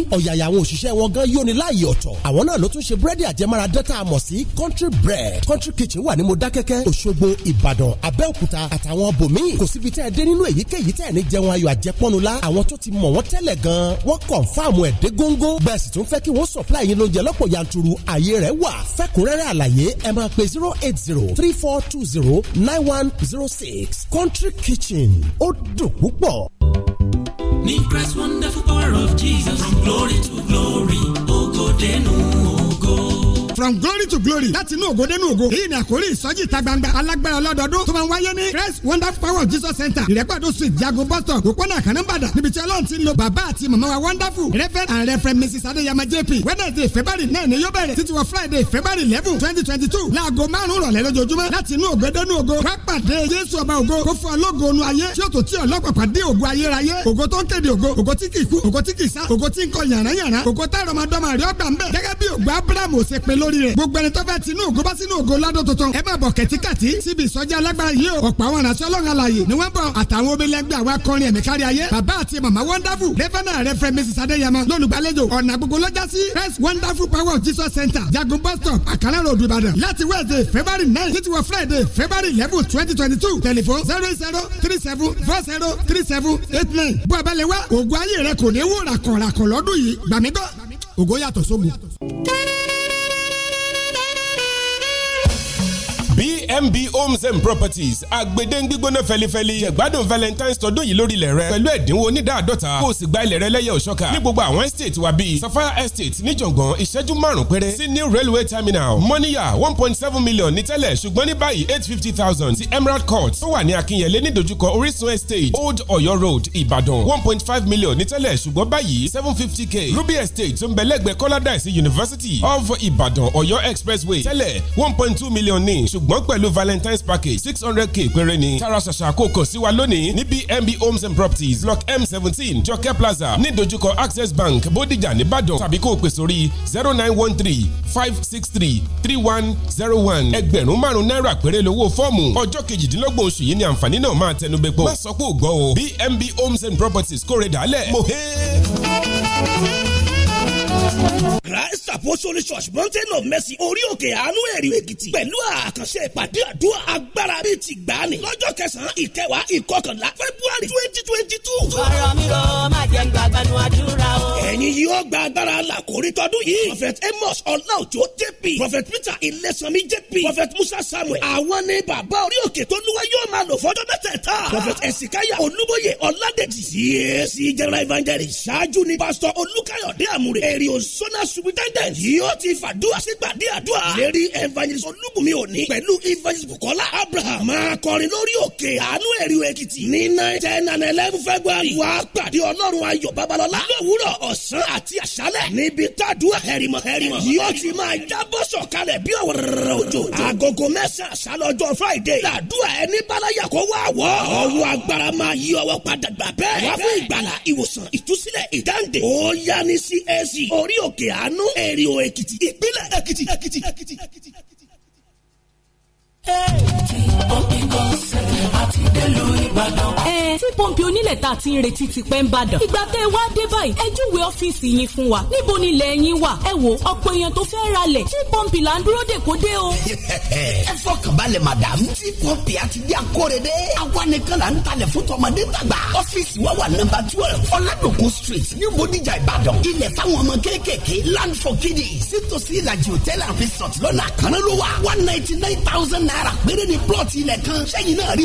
ní ọ̀yàyà àwọn òṣìṣẹ́ wọn gan yóni láàyè ọ̀tọ̀ àwọn náà ló tún ṣe búrẹ́dì àjẹmára dẹ́ta àmọ̀ sí country bread country kitchen wà ní Modákẹ́kẹ́ Òṣogbo Ìbàdàn Abẹ́òkúta àtàwọn bòmíì kò síbi tẹ́ ẹ dé nínú èyíkéyìí tẹ́ ẹ ní jẹun ayọ̀ àjẹpọ́nu la àwọn tó ti mọ̀ wọ́n tẹ́lẹ̀ gan wọ́n kàn fáàmù ẹ̀ dé góńgó bẹ́ẹ̀ sì tún fẹ́ supply yín lóúnjẹ lọ́pọ̀ yanturu ààyè rẹ̀ wà fẹ́kúnrẹ́rẹ́ àlàyé zero eight zero three four two zero nine one zero six country kitchen ó ní Christ wonderful power of Jesus from glory to glory ògo oh dẹnu o. Oh. from glory to glory láti inú ògo dénú ògo èyí ni àkórí ìsọjí ìta gbangba alágbára ọlọ́dọọdún tó máa ń wáyé ní christ wonder power jesus center ìrẹ́pàdé street jago bus stop òpónà kànáńbàdà níbi tí ọlọ́run ti ń lo bàbá àti màmá wa wonderful reverend and reverend mrs adéyẹmọ jp wednesday february náà ni yóò bẹ̀rẹ̀ títí wọ friday february eleven twenty twenty two láago márùn-ún rọ̀lẹ́ lójoojúmọ́ láti inú ògo dénú ògo wá pàdé jésù ọba ògo kó fún ọlọ́go onu ayé tí ó tó tí ọlọ́pàá dé ògo ayérayé ògo tó ń kéde ògo ògo tí kì í kú ògo tí kì í sá ògo tí ń kọ yàrá yàrá ògo tá lórí rẹ̀ gbogbo ẹni tó fẹ́ tinú ògo bá sínú ògo ládùn tuntun ẹ máa bọ̀ kẹ̀tíkàtí síbi ìsọjí alágbára yìí o ọ̀pọ̀ àwọn àràṣẹ́ ọlọ́run alààyè ni wọ́n bọ̀ àtàwọn obìnrin àwọn akọrin ẹ̀mí kárí ayé bàbá àti màmá wonderful rẹ́fẹ́nà rẹ mrs adéyẹmọ lólùgbàlejò ọ̀nà gbogbo lọ́jà sí first wonderful power jesus center jagun bus stop àkàrà road ìbàdàn láti wednesday february nine títí wọ friday a bá lè wá yàtọ̀ sógun. mb homes and properties agbede ń gbígbóná fẹlifẹli jẹ̀gbádùn valentines tọdún yìí lórílẹ̀ rẹ pẹ̀lú ẹ̀dínwó onídàádọ́ta kó o sì gba ilẹ̀ rẹ lẹ́yẹ òṣọ́ka ní gbogbo àwọn estate wa bíi sapphire estate níjọ̀ngàn ìṣẹ́jú márùn péré sí new railway terminal mọ́níyà one point seven million ní tẹ́lẹ̀ ṣùgbọ́n ní báyìí eight fifty thousand ti emerald court tó wà ní akínyẹlé ní dojúkọ orísun estate old Oyo road ìbàdàn one point five million ní tẹ́lẹ̀ ṣùgbọ́n báyìí seven fifty k ruby estate tó ń bẹ lẹ́gbẹ̀ẹ́ university of ìbàdàn ọ̀yọ́ expressway tẹ́lẹ̀ one point two million ní ṣùgbọ́n pẹ̀lú valentine's package six hundred k péré ni tara ṣàṣà kò kàn sí wa lónìí ní bnb homes and properties block m seventeen jọkẹ́ plaza ní dojúkọ access bank Bodijan, nìbàdàn tàbí kó pè sórí zero nine one three five six three three one zero one ẹgbẹ̀rún márùn-ún náírà péré lówó fọ́ọ̀mù ọjọ́ kejìdínlógún oṣù yìí ni àǹfààní náà máa tẹnu bẹ pọ̀ má sọ pé ò gbọ́ o bnb homes and properties kórè dálẹ̀ mo he apostolic church mountain of mercy orí òkè àánú ẹ̀rí èkìtì pẹ̀lú àkànṣe ìpàdé àdúrà agbára bíi ti gbàánì lọ́jọ́ kẹsàn-án ìkẹwàá ìkọkànlá february twenty twenty two. ọ̀rọ̀ mi rọ má jẹ́ gbàgbánu àdúrà o. ẹ̀yin yìí gba agbára làkórí tọdún yìí prophet amos ọláòjó jp prophet peter ilẹ̀sánmi jp prophet musa samuel àwọn ni bàbá orí òkè tó lúwa yóò máa lò fọ́jọ́ mẹ́tẹ̀ẹ̀ta prophet ẹ̀sìkáyà olúbóyè ọ̀ládẹ́jì csc general evangelist ṣáájú ni pastor olúkáyọ̀dé àmúre èrè òṣónà subitẹ́ndẹ president yóò ti fàdúrà sígbàdí àdúrà lérí evangelist olúbùnmi òní pẹ̀lú evangelist bukola abraham máa kọrin lórí òkè àánú ẹ̀rí èkìtì ní nine ten and eleven february wàá pàdé ọlọ́run ayọ̀ babalọ́lá lówùrọ̀ ọ̀sán àti àṣálẹ̀ níbi tàdúrà hẹ̀rìmọ̀ hẹ̀rìmọ̀ yóò ti máa jábọ́ sọ̀kalẹ̀ bí ọ̀rọ̀ òjò agogo mẹ́sàn-án àṣálọ́jọ́ friday làdúrà ẹni bálàyà kó wá wọ̀ ọwọ́ agbára máa yí ọwọ́ padà gbà bẹ́ẹ̀ wá fún ìgbàlà ìwòsàn ìtúsílẹ̀ ìdáǹdè ó yá ní csc e. orí òkè àánú ẹ̀ ẹ̀rìn ọ̀ ìpínlẹ̀ èkìtì èkìtì èkìtì èkìtì. Hey àti délùú Ìbàdàn. ẹ tí pọ́ǹpì onílẹ̀ tá a ti ń retí ti pẹ́ ń bàdàn. ìgbà tẹ́ ẹ wá dé báyìí ẹ júwe ọ́fíìsì yín fún wa níbo ni ilẹ̀ yín wà. ẹ wo ọ̀pọ̀ èèyàn tó fẹ́ ra lẹ̀ tí pọ́ǹpì là ń dúró dè kó dé o. ẹ fọkàn balẹ̀ madam tí pọ́ǹpì àti bí akóredé awa nìkan là ń talẹ̀ fún tọmọdé tàgbà. ọ́fíìsì wa wà nọ́mbà twelve ọ̀làdòkun street ní bodijà ìbàdàn. ilẹ̀ fáwọn ọmọ kéékèèké land for kiddies sítòsí ìlàjì hòtẹ́ẹ̀lì àfẹsọ̀t one ninety nine thousand naira péré ni plọ̀tì ilẹ̀ kan sẹ́yìn náà rí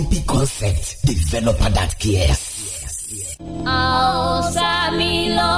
Bumpy Concept, developer that cares. Àwọn sàmì lọ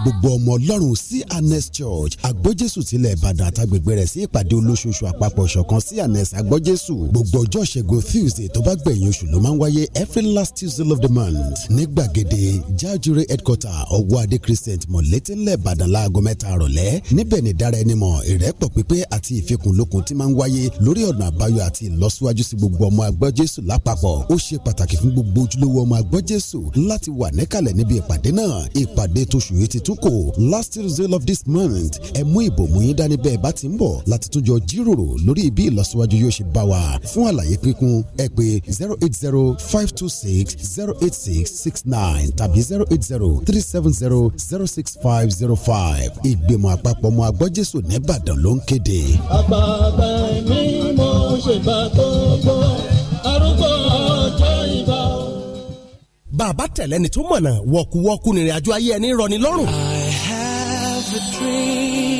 gbogbo ọmọ ọlọ́run CNS Church agbójésù tilẹ̀ ìbàdàn àtàgbègbè rẹ̀ sí ìpàdé olóṣooṣù àpapọ̀ ṣọ̀kan CNS agbójésù gbogbo ọjọ́ ṣẹ́gun Tuesday tó bá gbẹ̀yìn oṣù ló máa ń wáyé every last Tuesday of the month ní gbàgede jajure headquarter ọwọ́ adé christian mọ̀lẹ́tì ńlẹ̀ ìbàdàn láago mẹ́ta rọ̀lẹ́ níbẹ̀ ni dára ẹni mọ̀ ìrẹ́pọ̀ pípé àti ìfikùnlukùn ti máa ń wáyé lórí ọ̀nà àbáyọ àti ìlọsíwájú sí gbogbo ọmọ agbọ́jésù lápapọ̀ ó ṣe pàtàkì fún gbogbo ojúlówó àtúnkò last result of this month ẹ mú ìbòmú yín dání bẹ́ẹ̀ bá ti ń bọ̀ láti tún jọ jíròrò lórí bí ìlọsíwájú yóò ṣe bá wa fún àlàyé kíkún ẹ pè zero eight zero five two six zero eight six six nine tàbí zero eight zero three seven zero zero six five zero five ìgbìmọ̀ àpapọ̀ ọmọ agbọ́jésù nìbàdàn ló ń kéde. àgbààgbà mi mo ṣèbà tó gbọ́ arúgbó ọjọ́ bàbá tẹ̀lẹ́ni tó mọ̀nà wọ̀kúwọ́kú nírìn àjò ayé ẹni rọ̀ ní lọ́rùn. I have a dream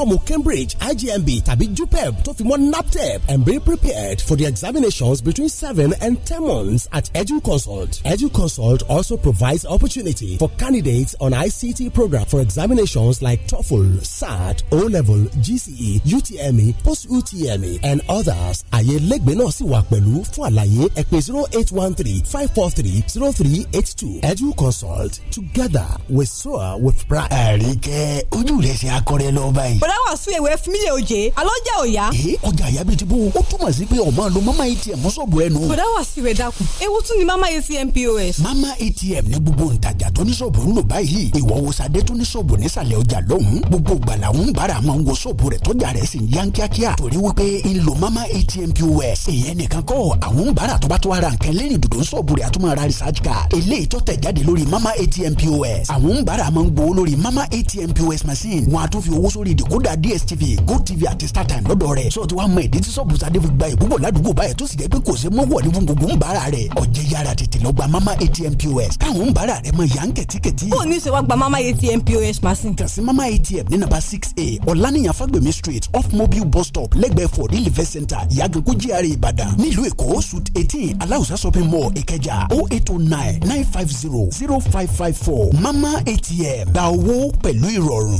fọ́ọ̀mù cambridge igmb tàbí jupeb tó fi mọ́ naptep and be prepared for the examinations between seven and ten months at educonsult. educonsult also provides opportunity for candidates on ict program for examinations like toefl sat o-level gce utme post-utme and others. àyè lẹ́gbẹ̀ẹ́ náà sì wà pẹ̀lú fún àlàyé ẹ̀pẹ́ zero eight one three five four three zero three eight two educonsult together with soar with pride. àríkẹ́ ojú rẹ̀ ṣe akọrẹ lọ báyìí aráwàsù ewé fúnmílẹ̀ òjé alọ́ jẹ́ òya. ee ọjà àyà bíi ti bó o túmọ̀ sí pé ọmọ lo mama atm sọ̀bù ẹnu. bọ̀dá wà sí ìwé dàkún ewu tún ni mama atm pos. mama atm ní gbogbo ntajà tó ní sọ̀bù ń lò báyìí ìwọ wo sadé tó ní sọ̀bù nísàlẹ̀ ọjà lọ́hùn gbogbo gbala ń bára máa ń wo sọ̀bù rẹ̀ tọ́jà rẹ̀ sì ń yan kíákíá torí wípé ń lo mama atm pos èèyàn nìkan kọ́ àwọn bára tó bá tó ara nǹkan lẹ́yìn dòdò ń sọ̀bù rẹ̀ àtúmọ̀ ara research card eléyìí mama atm pos àwọn bára máa ń mama atm pos machine wọn a fi owó sórí kódà dstv gotv àti startime lọ́dọ̀ rẹ̀ sọ ti wá mọ ìdí tí sọ́ọ̀bù sadé fi gba ìbúbọ̀ ládùúgbò báyìí tó sì jẹ́ pé kò sí mọ́wọ́ ní gbogbo ń bára rẹ̀ ọ̀jẹ̀ yára tètè lọ gba mama atm pos káwọn ń bára rẹ̀ mọ yà ń kẹ̀tíkẹ̀tí. ó ní sèwá gba mama atm pos machine. kàn sí mama atm ní nàbà six a ọ̀lànìyàn fagbemi street off mobile bus stop lẹ́gbẹ̀ẹ́ for real event center ìyàgànkú gr ìbàdàn nílùú èkó suit eighteen aláùsá shopping mall ìkẹjà o oh eight o oh nine nine five zero zero five five four mama atm gba owó pẹ̀lú ìrọ̀rùn.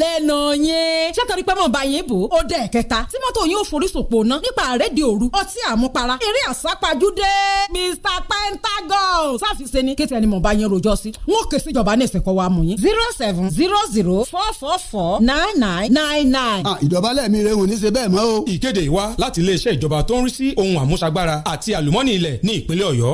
lẹ́nu yẹn. ṣé torí pé mo bá yín bò ó dẹ̀ kẹta tí mọ́tò yín ò ná nípa àrédìí òru ọtí àmupara eré àsápajúdé Mr Pentagon sáfìsẹ́ ni kéte ẹni mo bá yín rojọ́ sí. n ó ké síjọba ní ìsìnkọ́ wa mú yín. zero seven zero zero four four four nine nine nine nine. Ah, ìdọ̀bálẹ̀ mi rẹ̀ wò ní ṣe bẹ́ẹ̀ mọ́ o. ìkéde ìwá láti iléeṣẹ́ ìjọba tó ń rí sí ohun àmúṣagbára àti àlùmọ́nì ilẹ̀ ní ìpínlẹ̀ Ọ̀yọ́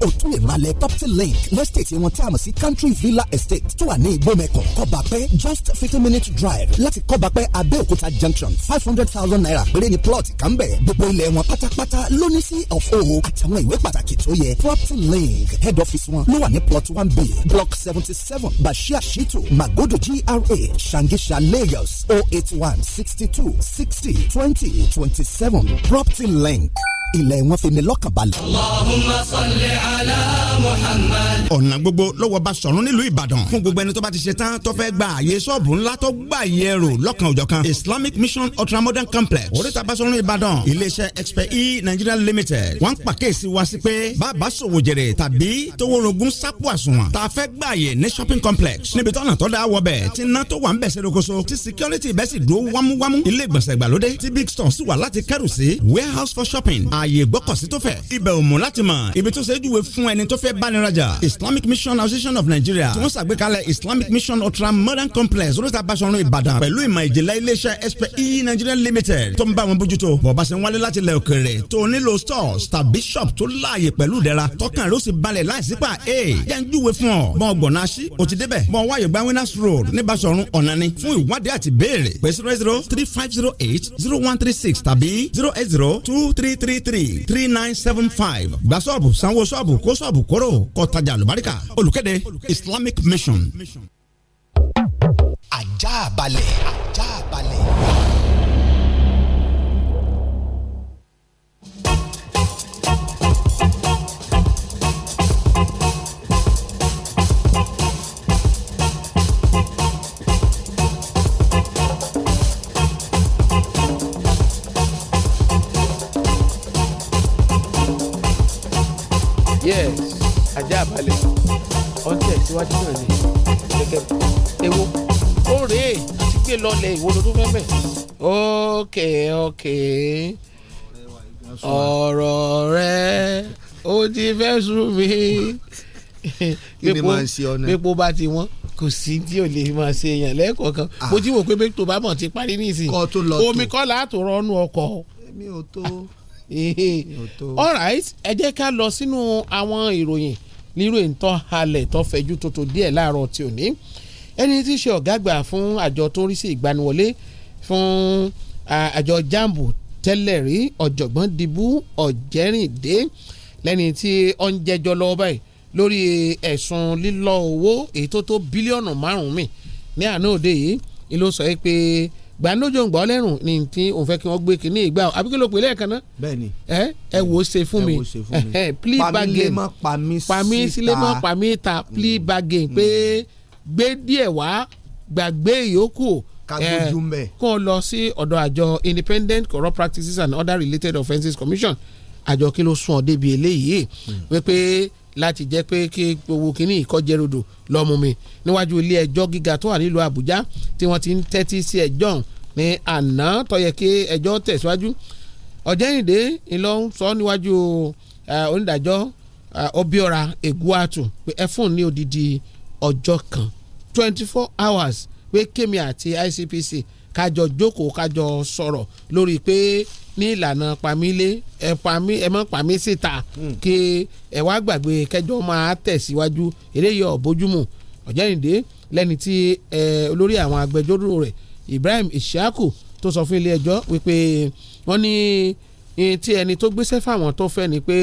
o tún lè ra lẹ̀ property link lọ́sítẹ̀tì wọn tí a mọ̀ sí country villa estate tó wà ní ìgbọ́mẹ̀kọ̀ kọ́bàpẹ́ just fifty minutes drive láti kọ́bàpẹ́ abẹ́òkúta junction five hundred thousand naira péré ni plot kan bẹ̀ gbogbo ilẹ̀ wọn pátápátá ló sí of o àtàwọn ìwé pàtàkì tó yẹ property link head office wọn ló wà ní plot one b block seventy seven bashir shitu magodo gra shangisha lagos oh eight one sixty two sixty twenty twenty seven property link ilẹ̀ wọn fi ni lọ́kàn balẹ̀. Allahumma salli ala Muhammad. ọ̀nà gbogbo lọ́wọ́ bá sọ̀rọ̀ nílùú Ìbàdàn fún gbogbo ẹni tó bá ti ṣe tán tó fẹ́ gba àyè sọ́ọ̀bù ńlá tó gbà yẹ rò lọ́kàn òjọ̀kan Islamic Mission Ultramodern Complex oríta Basọ̀run Ìbàdàn iléeṣẹ́ expert e Nigeria Limited wọ́n ń pàkíyèsí wa sí pé bàbá sòwò jèrè tàbí toworogun sápò àsùnwọ̀n tá a fẹ́ gba àyè ní shopping complex níbi tọ́nà tó dáa wọ bẹ̀ tí iná tó wà ń bẹ̀ ṣe rokoṣo security bẹ́ẹ̀ sì dúró wámúwámú ilé ìgbọ̀nsẹ̀ ìgbàlódé tí big store sì wà láti kẹ́rù sí warehouse for shopping ààyè ìgbọ́kọ̀sí tó fẹ̀. ibẹ̀ ò mú láti mọ̀ ibi tó ṣe é júwe fún ẹni tó fẹ́ báni rajà Islamic Mission Association of Nigeria tí wọ́n ṣàgbékalẹ̀ Islamic Mission Ultra Modern Complex olóòtú abáṣọrun Ìbàdàn pẹ̀lú ìmọ̀ ìjìnlẹ̀ iléeṣẹ́ SPE Nigeria Limited tó ń bá wọn bójútó bọ̀bá ṣe ń wálé láti ilẹ̀ òkèrè tó nílò stores ta bishop tó láàyè pẹ̀lú ìdẹ́ra tọkàn rẹ̀ ó sì balẹ̀ láìsí pa e jẹ́ ń júwe fún ọ bọ́n ọgbọ̀nà aṣí road ní Báṣọ̀run ọ̀nani fún ìwádìí àti béèrè three five zero eight zero one three six tàbí zero eight zero two three three three three three nine seven five gba sọ́ọ̀bù sanwó sọ́ọ̀bù kó sọ́ọ̀bù kóró kó lùbáríkà olùkéde Islamic Mission. ajá balẹ̀ ajá balẹ̀. síwájú náà ni gẹ́gẹ́ ewo ó rèé àti gbé lọlẹ̀ ìwo lọ́dún mẹ́mẹ́ ok ok ọ̀rọ̀ rẹ ó ti fẹ́ sùn mí gbépo bá ti wọ́n kò sí tí ò lè máa ṣe èèyàn lẹ́ẹ̀kọ̀ọ̀kan ah. mo ti wò pé bí tó bá mọ̀ ti parí nísìnyí omi kọ́ láàtò rọ́ọ̀nù ọkọ̀ mi ẹ jẹ́ ká lọ sínú àwọn ìròyìn nírú ìtàn halẹ̀ tó fẹ̀jú tuntun díẹ̀ láàárọ̀ tí ò ní ẹni tí í ṣe ọ̀gá àgbà fún àjọ tó ń rí sí ìgbaniwọlé fún àjọ jambu tẹ́lẹ̀ rí ọ̀jọ̀gbọ́n dìbú ọ̀jẹ́rìndé lẹ́ni tí ó ń jẹ́jọ́ lọ́wọ́ báyìí lórí ẹ̀sùn lílọ́ owó èyí tó tó bílíọ̀nù márùn-ún mi ní àná òde yìí ni ló sọ pé gbandojo ngbọ lẹrun ni ti òun fẹ́ kí wọn gbé kínní ìgbà o àbíkí ló lẹ́ẹ̀kan náà. bẹ́ẹ̀ni ẹ ẹ wo ṣe fún mi plea bargain pàmí mm. sílé mọ pàmí ta plea bargain pé gbé díẹ̀ wá gbàgbé ìyókù kó o lọ sí ọ̀dọ̀ àjọ Independent Corrupt Practices and Other Related Offences Commission àjọ kí ló sún ọ débi eléyìí mm. wípé. Mm láti jẹ́ pé kí owó kínní ìkọ́jẹ́rodò lọ́mú mi níwájú ilé ẹjọ́ gíga tó wà nílùú Àbújá tí wọ́n ti ń tẹ́tí sí ẹjọ́ ní àná tó yẹ kí ẹjọ́ tẹ̀síwájú ọ̀jẹ̀yìndé ńlọ sọ níwájú onídàájọ́ Obiora Egwuatu pé ẹ ní odidi ọjọ́ kan twenty four hours pé kémi àti ICPC kájọ jókòó kájọ sọ̀rọ̀ lórí pé ní ìlànà pamílé ẹ pamí ẹ mọ́ pamí síta hmm. kí ẹ wá gbàgbé kẹjọ máa tẹ̀síwájú eléyìí ọ̀bójúmu ọ̀jẹ̀rìndé lẹ́ni tí olórí àwọn agbẹjọ́rò rẹ̀ Ibrahim Ishaku tó sọ fún ilé ẹjọ́ wípé wọ́n ní tí ẹni tó gbéṣẹ́ fáwọn tó fẹ́ ni pé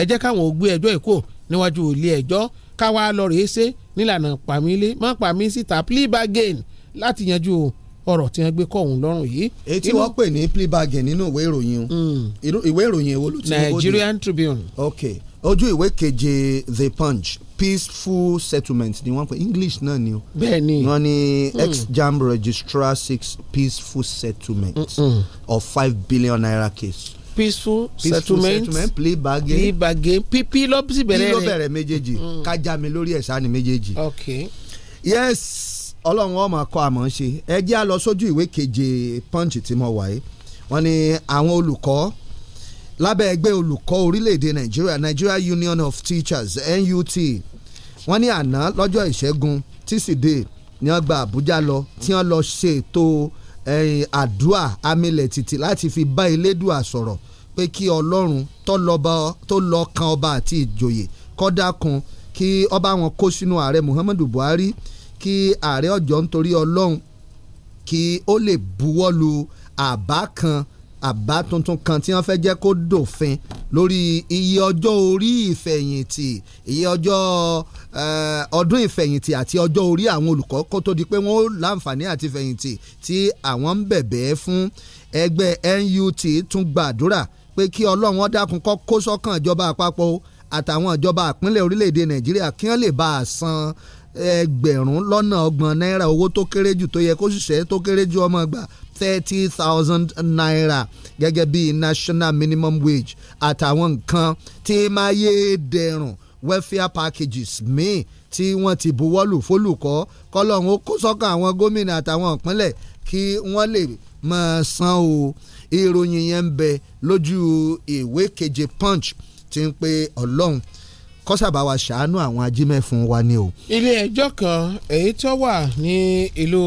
ẹ jẹ́ káwọn ò gbé ẹjọ́ ìkó níwájú ilé ẹjọ́ káwa lọ rèé ṣe nílànà pàmílé má pàmí síta plea bargain láti yanjú o ọ̀rọ̀ tí wọ́n gbé kọ́ òun lọ́rùn yìí. èyí tí wọ́n pè ní plea nínú ìwé ìròyìn hmm. ìwé ìròyìn èwo ló ti ní bóde. Nigerian Tribune. ok ojú ìwé keje The Punch peaceful settlement ni wọ́n pè English náà ni o. bẹ́ẹ̀ni wọ́n ní ex-jam hmm. registrar six peaceful settlement hmm. of five billion naira case. peaceful, peaceful settlement, settlement plea bargain plea bargain pp ló bẹ̀rẹ̀ méjèèjì kájà mi lórí ẹ̀sán ni méjèèjì. ok yes ọlọ́run ọmọ akọ àmọ́ ṣe ẹ jẹ́ a lọ sójú ìwé keje punch tí mo wà yìí wọ́n ní àwọn olùkọ́ lábẹ́ ẹgbẹ́ olùkọ́ orílẹ̀‐èdè nàìjíríà Nigeria Union of Teachers NUT wọ́n ní àná lọ́jọ́ ìṣẹ́gun tísídẹ̀ẹ́ ni wọ́n gba àbújá lọ tí wọ́n lọ ṣètò àdúà amílẹ̀ tìtì láti fi bá elédùà sọ̀rọ̀ pé kí ọlọ́run tó lọ kan ọba àti ìjòyè kọ́dákun kí ọba wọn kó sínú ààrẹ Muhammadu Buhari kí ààrẹ ọjọ́ nítorí ọlọ́run kí ó lè buwọ́ lu àbá kan àbá tuntun kan tí wọ́n fẹ́ jẹ́ kó dòfin lórí iye ọjọ́ orí ìfẹ̀yìntì iye ọjọ́ eh, ọdún ìfẹ̀yìntì àti ọjọ́ orí àwọn olùkọ́ kó tó di pé wọ́n ó láǹfààní àti fẹ̀yìntì tí àwọn ń bẹ̀bẹ̀ fún ẹgbẹ́ NUT tún gbàdúrà pé kí ọlọ́run ó dákun kó kó sọ́kàn ìjọba àpapọ̀ àtàwọn ìjọba ìpínlẹ̀ orílẹ̀‐èdè Nàìjíríà kí wọ́n lè bá a san ẹgbẹ̀rún lọ́nà ọgbọ̀n náírà owó tó kéré jù tó yẹ kó ṣiṣẹ́ tó kéré jù ọmọ gbà thirty thousand naira gẹ́gẹ́ bí national minimum wage àtàwọn nǹkan tí máa yé dẹrùn welfare packages míì tí wọ́n ti buwọ́lù fólùkọ́ kọ́lọ́hún ó kó sọ́kàn àwọn gómìnà àtàwọn ìpínlẹ̀ kí wọ́n lè máa san o ìròyìn yẹn ń bẹ lójú ìwé keje punch ti ń pe ọlọ́run kọ́sàbà wa ṣàánú àwọn ajímẹ̀fún wa ni o. ilé ẹjọ́ kan èyí tó wà ní ìlú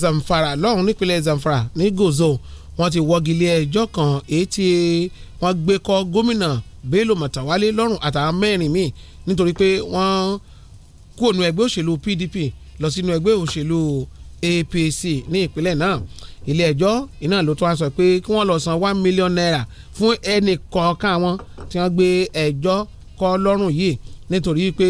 Zamfara lọ́hùn nípínlẹ̀ Zamfara ní Gozo wọ́n ti wọ́gi ilé ẹjọ́ kan èyí tí wọ́n gbé kọ́ gómìnà Bello Matawalle lọ́rùn àtàwọn mẹ́rin míì nítorí pé wọ́n kúrò nínú ẹgbẹ́ òṣèlú PDP lọ sínú ẹgbẹ́ òṣèlú APC ní ìpínlẹ̀ náà ilé ẹjọ́ iná ló tún wá sọ pé kí wọ́n lọ san one million naira fún ẹnì kọ̀ọ̀kan wọn tí wọ́n gbé ẹjọ́ e kọ́ lọ́rùn yìí nítorí pé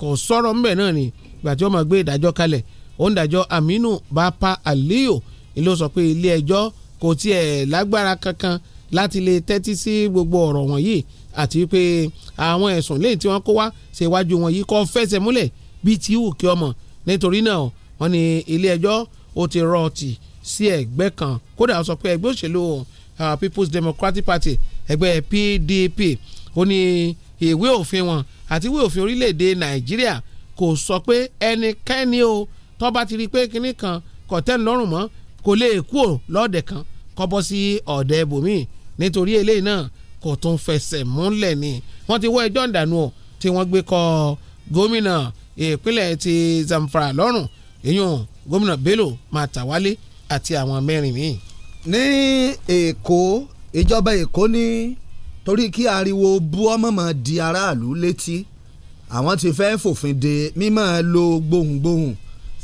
kò sọ̀rọ̀ ńbẹ̀ náà ni ìgbà tí gbé ìdájọ́ kalẹ̀ òǹdàjọ́ Aminu Bapa Aliyu ni ló sọ pé ilé ẹjọ́ kò tiẹ̀ lágbára kankan láti lè tẹ́tí sí gbogbo ọ̀rọ̀ wọ̀nyí àti pé àwọn ẹ̀sùn lẹ́yìn tí wọ́n kó wá ṣe iwájú wọn yìí kọ́ fẹsẹ̀ múlẹ̀ bíi ti wù kí ọmọ nítorí náà wọ́n ní ilé ẹjọ́ ó ti rọ ọtì sí ẹgbẹ́ kan kódà sọ pé ẹgbẹ́ òṣèlú uh, People's Democratic Party ẹgbẹ́ PDP ó ní ìwé òfin wọn àti ìwé òfin orílẹ̀-èdè nàìjíríà kò sọ pé ẹnikẹ́ni o tó bá ti rí i pé kinní kan kò tẹ́ni lọ́rùn mọ́ kò lè kú ò lọ́ọ̀dẹ̀ kan kó bọ́ sí ọ̀dẹ̀ ibòmíì nítorí eléyìí náà kò tún fẹsẹ̀ múlẹ̀ ni wọ́n ti wọ ẹjọ́ ìdànù ọ̀ tí wọ́n gbé kọ gómìnà ìpínlẹ̀ ti Zamfara lọ́rùn èyàn gómìnà Bello Matawalle àti àwọn mẹ́rin míì. ní Èkó ìjọba Èkó ní torí kí ariwo bú ọmọọmọ di aráàlú létí àwọn ti fẹ́ fòfin de mímọ́ lo gbohùngbohùn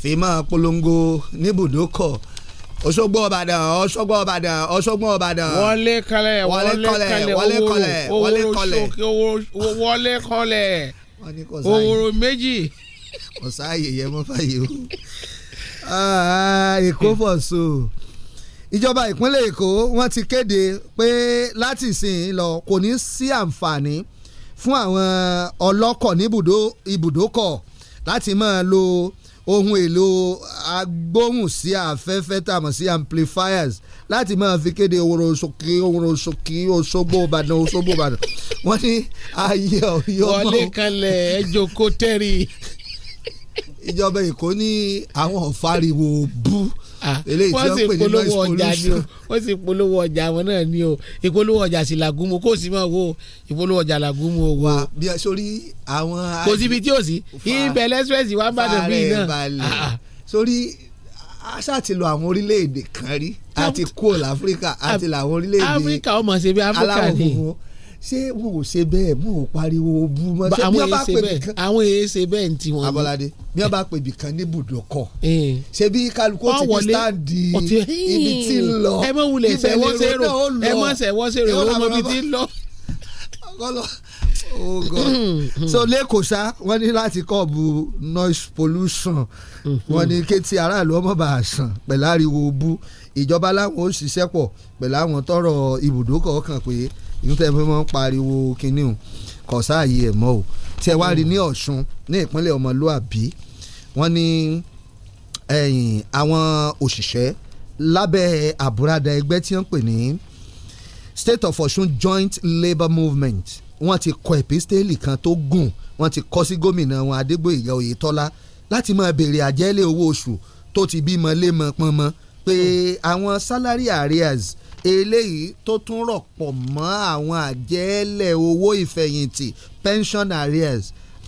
fi máa polongo níbùdókọ̀ Òṣogbo Ìbàdàn Òṣogbo Ìbàdàn Òṣogbo Ìbàdàn. wọlé kọlẹ̀ wọlé kọlẹ̀ wọlé kọlẹ̀ wọlé kọlẹ̀ wọlé kọlẹ̀ òwòrò méjì. ọ̀sán àyè yẹn mọ́ fàyè o ah, èkó fọ̀ so ìjọba ìpínlẹ̀ èkó wọ́n ti kéde pé láti ìsìn lọ kò ní sí àǹfààní fún àwọn ọlọ́kọ̀ ní ibùdókọ̀ láti máa lo ohun èlò agbóhùn sí afẹ́fẹ́ tá sí amplifiers láti máa fi kéde òwòrò òṣòkì òwòrò òṣòkì òṣogbo ìbàdàn òṣogbo ìbàdàn wọ́n ní ayé ọ̀yọ́ mọ́. wọlé kalẹ̀ ẹjọ́ kó tẹ́rì. ìjọba èkó ní àwọn ọ̀fariwo bú Ah, eléyìí tí wọ́n pè ní noise pollution. wọ́n sì polówó ọjà wọn náà ni o ìpolówó ọjà sì làgùn mu kó sì máa wo ìpolówó ọjà làgùn o. wà bí a sori àwọn. kò síbi tí o sí ibẹ̀ lẹ́sírẹ́sì wà bàdàn bíi náà. sori a ṣáà ti àwọn orílẹ̀-èdè kan rí a ti kúrò láfíríkà a ti orílẹ̀-èdè aláwọ̀ funfun ṣé wọn ò ṣe bẹ́ẹ̀ wọn ò pariwo bú mọ́ ṣé bí wọ́n bá àwọn èyí ṣe bẹ́ẹ̀ ti wọn. Abọ́ládé bí wọ́n bá pè bìkan ní ibùdókọ̀ ṣé bí kálukú ti ní stáàndì ibi tí ń lọ ẹ mọ wulẹ̀ sẹ́wọ́ sẹ́rò ẹ mọ sẹ́wọ́ sẹ́rò ẹ mọ ibi tí ń lọ. Oh so lẹ́kọ̀ọ́ ṣá wọ́n ní láti kọ́ọ̀bù noise pollution mhm. wọ́n ní kétí aráàlú ọmọ bá a sàn pẹ̀lú ariwo bú ìjọba láwọn ó ṣiṣẹ́ pọ̀ pẹ̀lú àwọn tọrọ ibùdókọ̀ kan pé ìtútẹ́ fún pariwo kinní o kò sáàyè ẹ̀ mọ́ o tí ẹ wá rí ní mm. Ọ̀ṣun ní ìpínlẹ̀ ọmọlúàbí wọ́n ní àwọn òṣìṣẹ́ lábẹ́ àbúradà ẹgbẹ́ tí wọ́n pè ní State of Ọ̀ṣun Joint Labour Movement wọ́n ti kọ epistéèlì kan tó gùn wọ́n ti kọ sí gómìnà wọn Adégbòyè Oyètọ́lá láti máa béèrè àjẹ́lé owó oṣù tó ti bímọ lémọ pọnmọ pé mm. àwọn salary arrears eléyìí tó tún rọ̀pọ̀ mọ́ àwọn àjẹ́lẹ̀ owó ìfẹ̀yìntì pension arrears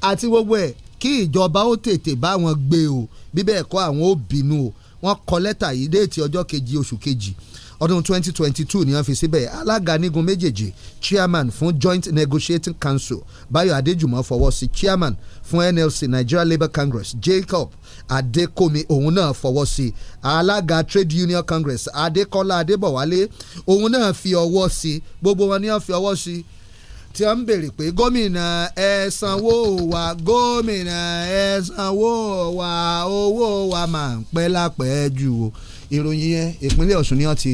àti gbogbo ẹ̀ kí ìjọba ó tètè bá wọn gbé o bí bẹ́ẹ̀ kọ́ àwọn ó bínú o wọ́n kọ lẹ́tà yìí déètì ọjọ́ kejì oṣù kejì ọdún 2022 ni wọ́n fi síbẹ̀ alága nígun méjèèjì chairman fún joint negotiating council Báyọ̀ Adéjùmọ̀ fọwọ́ sí chairman fún NLC Nigeria Labour Congress Jacob Adekomi òun náà fọwọ́ sí alága Trade Union Congress Adekola Adebowale òun náà fi ọwọ́ sí gbogbo wọn ni wọ́n fi ọwọ́ sí tí wọ́n ń béèrè pé gómìnà ẹ sanwó wa gómìnà ẹ sanwó wa owó wa máa ń pẹ́ lápẹ́ jù o ìròyìn yẹn ìpínlẹ̀ Ọ̀ṣun ni wọ́n ti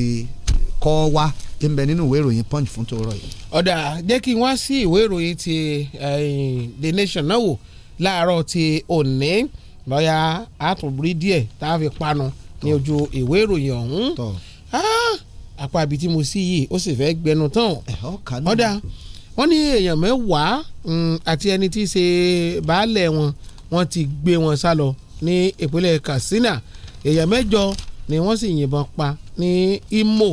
kọ́ wá tí ń bẹ nínú ìwé ìròyìn Punch fún tòrọ yìí. ọ̀dà jẹ́ kí n wá sí ìwé ìròyìn ti eh, The Nation náà wò láàárọ̀ ti òní lọ́yà àtúnbí díẹ̀ tá a fi panu ní ojú ìwé ìròyìn ọ̀hún apá ah, ibi tí mo sí yìí ó sì fẹ́ gbẹnu tán ọ̀dà wọ́n ní èèyàn mẹ́wàá mm, àti ẹni tí í ṣe baálẹ̀ wọn wọ́n ti gbé wọn sá lọ ní ìpínlẹ̀ Katsina èèyàn mẹ́jọ ni wọ́n sì yìnbọn pa ní Imo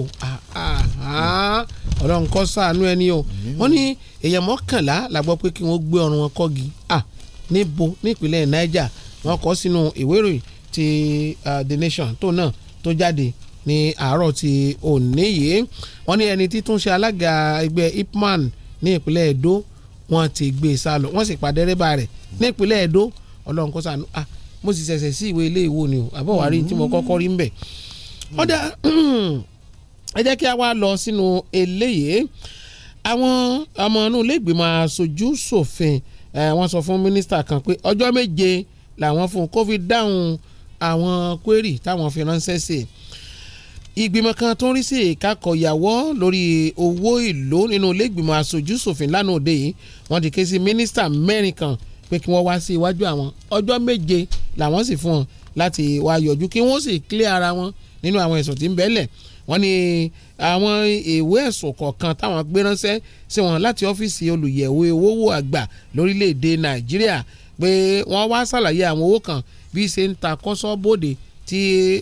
ọlọ́run kó ṣàánú ẹni o wọ́n ní èèyàn mọ́kànlá la gbọ́ pé kí wọ́n gbé ọrùn wọn kọ́gi níbo nípínlẹ̀ Niger wọ́n kọ sínú ìwé ìròyìn ti The Nation tó náà tó jáde ní àárọ̀ ti òní yìí wọ́n ní ẹni títún ṣe alága ẹgbẹ́ IPMAN ní ìpínlẹ̀ Edo wọ́n ti gbé e sá lọ wọ́n sì pa dẹ́rẹ́bà rẹ̀ nípínlẹ̀ Edo ọlọ́run kó ṣàánú mo sì ṣẹ̀ṣẹ̀ sí ìwé ilé ìwò ni o àbọ̀ wàá rí tí mo kọ́kọ́ rí ń bẹ̀. ọ̀dà ẹ jẹ́ kí a wá lọ sínú eléyìí àwọn ọmọ inú ilé ìgbìmọ̀ aṣojú ṣòfin wọ́n sọ fún mínísítà kan pé ọjọ́ méje làwọn fún kó fi dáhùn àwọn kwérì táwọn fi ránṣẹ́ sí i ìgbìmọ̀ kan tó ń rí sí ìkákọ̀yàwó lórí owó ìlú nínú ilé ìgbìmọ̀ aṣojú lánàá òde yìí wọ́n ti ké sí mínísítà mẹ́rin kan pé kí wọ́n wá sí iwájú àwọn ọjọ́ méje làwọn sì fún wọn láti wá yọjú kí wọ́n sì clear ara wọn nínú àwọn ẹ̀sùn tí ń bẹ́lẹ̀ wọ́n ní àwọn ìwé ẹ̀sùn kọ̀ọ̀kan táwọn gbé ránṣẹ́ sí wọn láti ọ́fíìsì olùyẹ̀wò owó àgbà lórílẹ̀‐èdè nàìjíríà pé wọ́n wá ṣàlàyé àwọn owó kan bí ṣe ń ta kọ́sọ́ bòde tí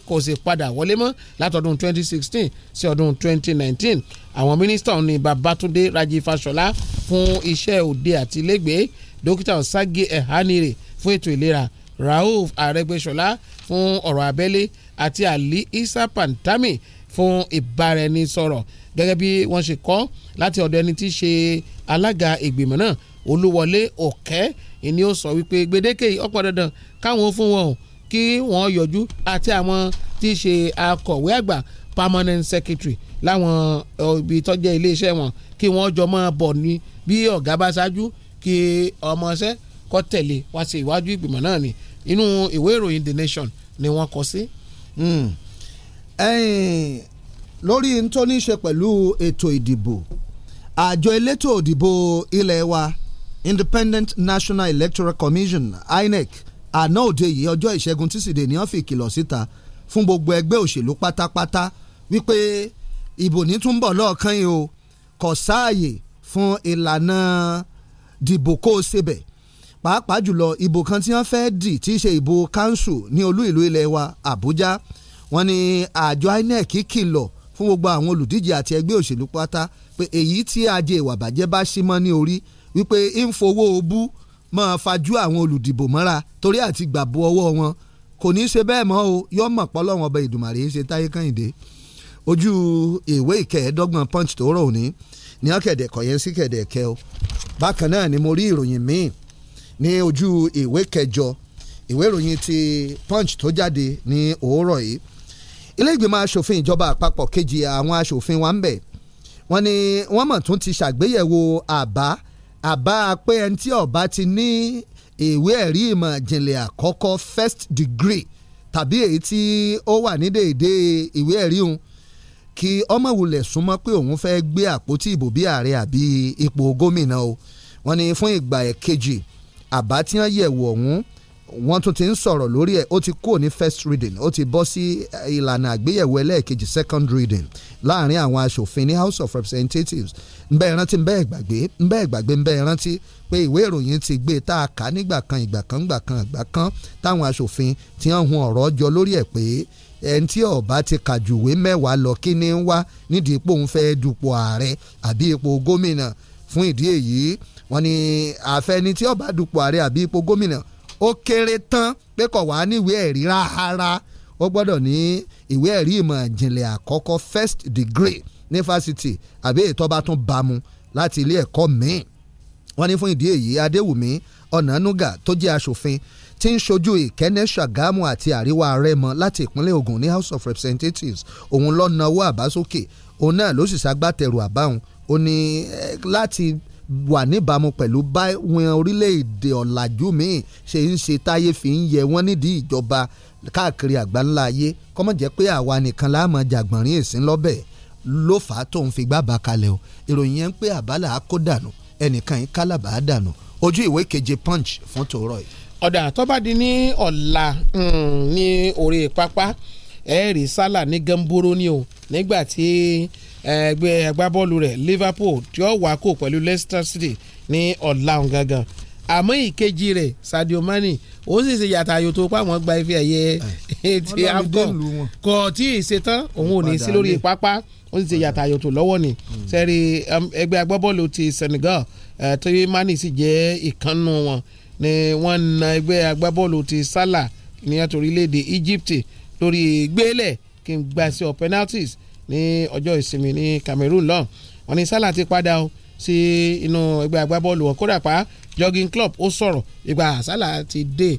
kò sì padà wọlé mọ́ látọdún 2016 sí ọdún 2019 àwọn mínísítà ní Babátúndé Rájí Fáṣọlá fún iṣẹ́ òde àtìlẹ́gbẹ̀ẹ́ dókítà ọ̀sági ẹ̀hánire fún ètò ìlera rauf arẹ́gbẹ́ṣọlá fún ọ̀rọ̀ abẹ́lé àti ali isa pantami fún ìbáraẹnisọ̀rọ̀ gẹ́gẹ́ bí wọ́n ṣe kọ́ láti ọ̀dọ̀ ẹni tí í ṣe alága ìgbìmọ̀ náà olúwọlé òkè ni ó sọ wípé gbèdéke ọ̀pọ̀ dandan káwọn fún wọn o kí wọ́n yọjú àti àwọn tí í ṣe akọ̀wé àgbà permanent secretary láwọn ibi tọ́jẹ́ iléeṣẹ́ wọn kí wọ́n jọ máa bọ̀ ní bí ọ̀gá bá ṣáájú kí ọmọọṣẹ́ kọ́ tẹ̀lé wá sí iwájú ìgbìmọ̀ náà ni inú ìwé ìròyìn The Nation ni wọ́n kọ sí. Hmm. lórí n tó ní í ṣe pẹ̀lú ètò ìdìbò àjọ elétò ìdìbò ilẹ̀ wa Independent National Electoral Commission INEC àná òde yìí ọjọ́ ìṣẹ́gun tísídẹ̀ẹ́ ni wọ́n fi ìkìlọ̀ síta fún gbogbo ẹgbẹ́ òṣèlú pátápátá wípé ìbò ní túnbọ̀ lọ́ọ̀kan yìí o kò sáàyè fún ìlànà dìbò kó o ṣe bẹ̀ pàápàá jùlọ ìbò kan tí wọ́n fẹ́ dì tí í ṣe ìbò kanṣu ní olú ìlú ilẹ̀ wa Àbújá wọ́n ní àjọ INEC kìlọ̀ fún gbogbo àwọn olùdíje àti ẹgbẹ́ òṣèlú pátá pé èyí tí ajé ìwà bàjẹ́ bá sí mọ́ ní orí wípé ń fowó obú máa fajú àwọn olùdìbò mọ́ra torí àti gbàbọ ọwọ́ wọn kò ní í ṣe bẹ́ẹ̀ mọ́ o yọ mọ̀ pọ́lọ́wọ́n ọba ìdùmàrè ṣe táyé kàyìndé ojú ìwé ìkẹẹ̀ẹ́dọ́gbọ̀n punch tó rọ̀ òní ní ọ̀kẹ̀dẹ̀ kọ̀ yẹn sí kẹ̀dẹ̀ kẹ́ o bákan náà ni mo rí ìròyìn míì ní ojú ìwé kẹjọ ìwé ìròyìn ti punch tó jáde ní òwúrọ̀ yìí ilé ìgbìmọ̀ asòfin ìjọba àpapọ̀ kejì àwọn asòfin wa ń bẹ̀ wọ́n ní wọ́n mọ̀ tún ti ṣàgbéyẹ̀wò àbá àbá pé ẹni tí ọba ti ní ìwé ẹ̀rí ìmọ̀ ìjìnlẹ̀ àkọ́kọ́ first degree tàbí èyí tí ó wà ní déédéé ìwé ẹ̀rí òun kí ọmọwulẹ̀ súnmọ́ pé òun fẹ́ gbé àpótí ìbò bí ààrẹ àbí ipò gómìnà o wọ́n ní fún ìgbà ẹ̀kejì àbá tí wọ́n yẹ̀wò ọ̀hún wọ́n tún ti ń sọ̀rọ̀ lórí ẹ̀ ó ti kúrò ní first reading ó ti bọ́ sí ìlànà àgbéyẹ̀wò ẹlẹ́ẹ̀kejì second reading láàrin àwọn aṣòfin ní house of representatives nbẹ rántí nbẹ gbàgbé nbẹ gbàgbé nbẹ rántí pé ìwé ìròyìn ti gbé e, tá a kà nígbà kan ìgbà kan ìgbà kan ìgbà kan táwọn aṣòfin ti hàn hun ọ̀rọ̀ jọ lórí ẹ̀ pé ẹni tí ọba ti kàjùwé mẹ́wàá lọ kí ni ń wá nídìí ipò ń fẹ́ dupò ààrẹ àbí ipò gómìnà fún ìdí èyí wọ́n ní àfẹni tí ọba dupò ààrẹ àbí ipò gómìnà ó kéré tán pé kò wá níwèé ẹ̀rí rárá ó gbọ́dọ̀ ní ìwé ẹ̀rí ìmọ̀ ìjìnlẹ̀ àkọ́kọ́ first degree ní fásitì àbí ètò ọba tún bámu láti ilé ẹ̀kọ́ míì wọ́n ní fún ìdí èyí adéwùmí ọ̀nànúgà tó jẹ́ aṣòfin tí ń ṣojú ìkẹ́nẹ́ ṣàgámù àti àríwá rẹ́mọ láti ìpínlẹ̀ Ògùn ní House of Representatives òun ló nawọ́ àbá sókè òun náà ló sì ṣagbátẹrù àbáhùn ó ní láti wà níbàámu pẹ̀lú báwọn orílẹ̀-èdè ọ̀làjú míì ṣe ń ṣe táyé fi ń yẹ wọ́n nídìí ìjọba káàkiri àgbáńlá ayé kọ́mọ̀ jẹ́ pé àwa nìkan láàmú jàgbọ̀nrín èsín lọ́bẹ̀ ló fà á tóun fi gbábà kalẹ̀ o ìròyìn yẹn ń pé àbálà á kó dànù ẹnìkan yìí kálábà dànù ojú ìwé keje punch fún tòórọ́ yìí ọ̀dà tó bá di ní ọ̀la hmm, ní orí pápá ẹ̀ẹ́rì sálà ní gẹ́ńbóró ni o nígbà tí ẹgbẹ́ agbábọ́ọ̀lù rẹ̀ Liverpool tí ó wà kó pẹ̀lú Leicester City ní ọ̀la ọ̀hún gangan àmọ́ ìkejì rẹ̀ Sadio Mane ó sì ṣe yàtà ayò tó pàwọn gba ife ẹ̀yẹ ti AFCON kò tí ì ṣetán òun ò ní sí lórí pápá ó sì ṣe yàtà ayò tó lọ́wọ́ ni sẹ́rí hmm. um, ẹgbẹ́ agbábọ́ọ̀lù ti Senegal eh, tí Mane sì jẹ́ ìkànnù wọn ni wọ́n na ẹgbẹ́ agbábọ́ọ̀lù ti Salah ní àtòrílẹ̀-èdè Egypt lórí gbélẹ̀ kí n gba sí ọ penalties ní ọjọ́ ìsinmi ní Cameroon lọ́n wọ́n ní Salah ti padà o sí inú ẹgbẹ́ agbábọ́ọ̀lù wọn kódà pa jogging club ó sọ̀rọ̀ ìgbà Salah ti dé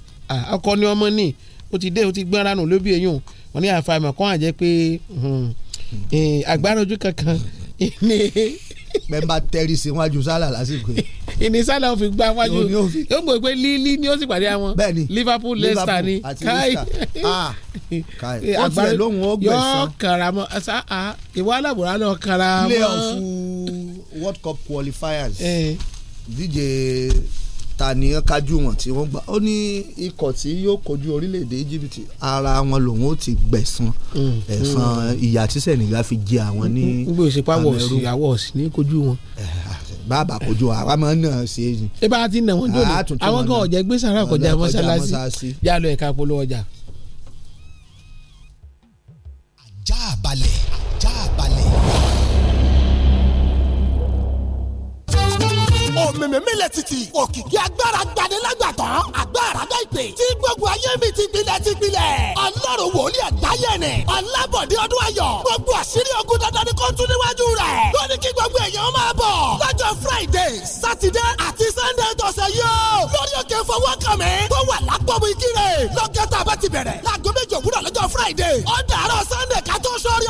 ọkọ ní ọmọ ní ó ti dé ó ti gbọ́n ránù lóbi èyàn wọ́n ní àfàìmọ̀ kan àjẹ́ pé hmm, eh, agbára ojú kankan ní bẹ́ẹ̀ bá tẹ́rí sí wájú sálà lásìkò yìí. ìní sálà ò fi gbá wájú yóò mọ̀ pé lílí ni ó sì pàdé àwọn Liverpool Leicester ni káì ah, eh, agbára yọ karamọ ìwà alábòrán náà karamọ. playoff World Cup qualifiers eh. díje ta ni wọ́n kájú wọn tí wọ́n gbà ó ní ikọ̀ tí yóò kojú orílẹ̀-èdè Egypt ara wọn lòun ó ti gbẹ̀san mm. ẹ̀san mm. ìyà tí Senegal fi jẹ àwọn ní mm. Cameroon. gbogbo ìsìnkú àwọ̀ sí àwọ̀ sí ní kojú wọn. bàbá kojú àwa máa ń nà ṣe é. ẹ bá ti nà wọn jòlè àwọn kan ọ̀jẹ̀ gbé sàrà kọjá mọ́ṣáláṣí yálò ẹ̀ka polówó ọjà. ajá balẹ̀. òmìmì mílẹ̀ títì òkìkí agbára gbanilágbàtàn agbára dá ìpè tí gbogbo ayé mi ti gbilẹ̀ ti gbilẹ̀ ọlọ́run wòlíì ẹ̀dáyẹ̀nì ọlábọ̀dé ọdún ayọ̀ gbogbo àṣírí ogun dandan ni kò tún níwájú rẹ̀ lónìí kí gbogbo èèyàn máa bọ̀ lọ́jọ́ friday saturday àti sunday tọ̀sẹ̀ yóò lórí òkè fọwọ́kànmí tó wà lápọ̀mù ìkírè lọ́kẹ́tà bá ti bẹ̀rẹ̀ láago méjì òwúrọ̀ lọ́jọ́ friday ó dàárọ̀ sunday ká tó sórí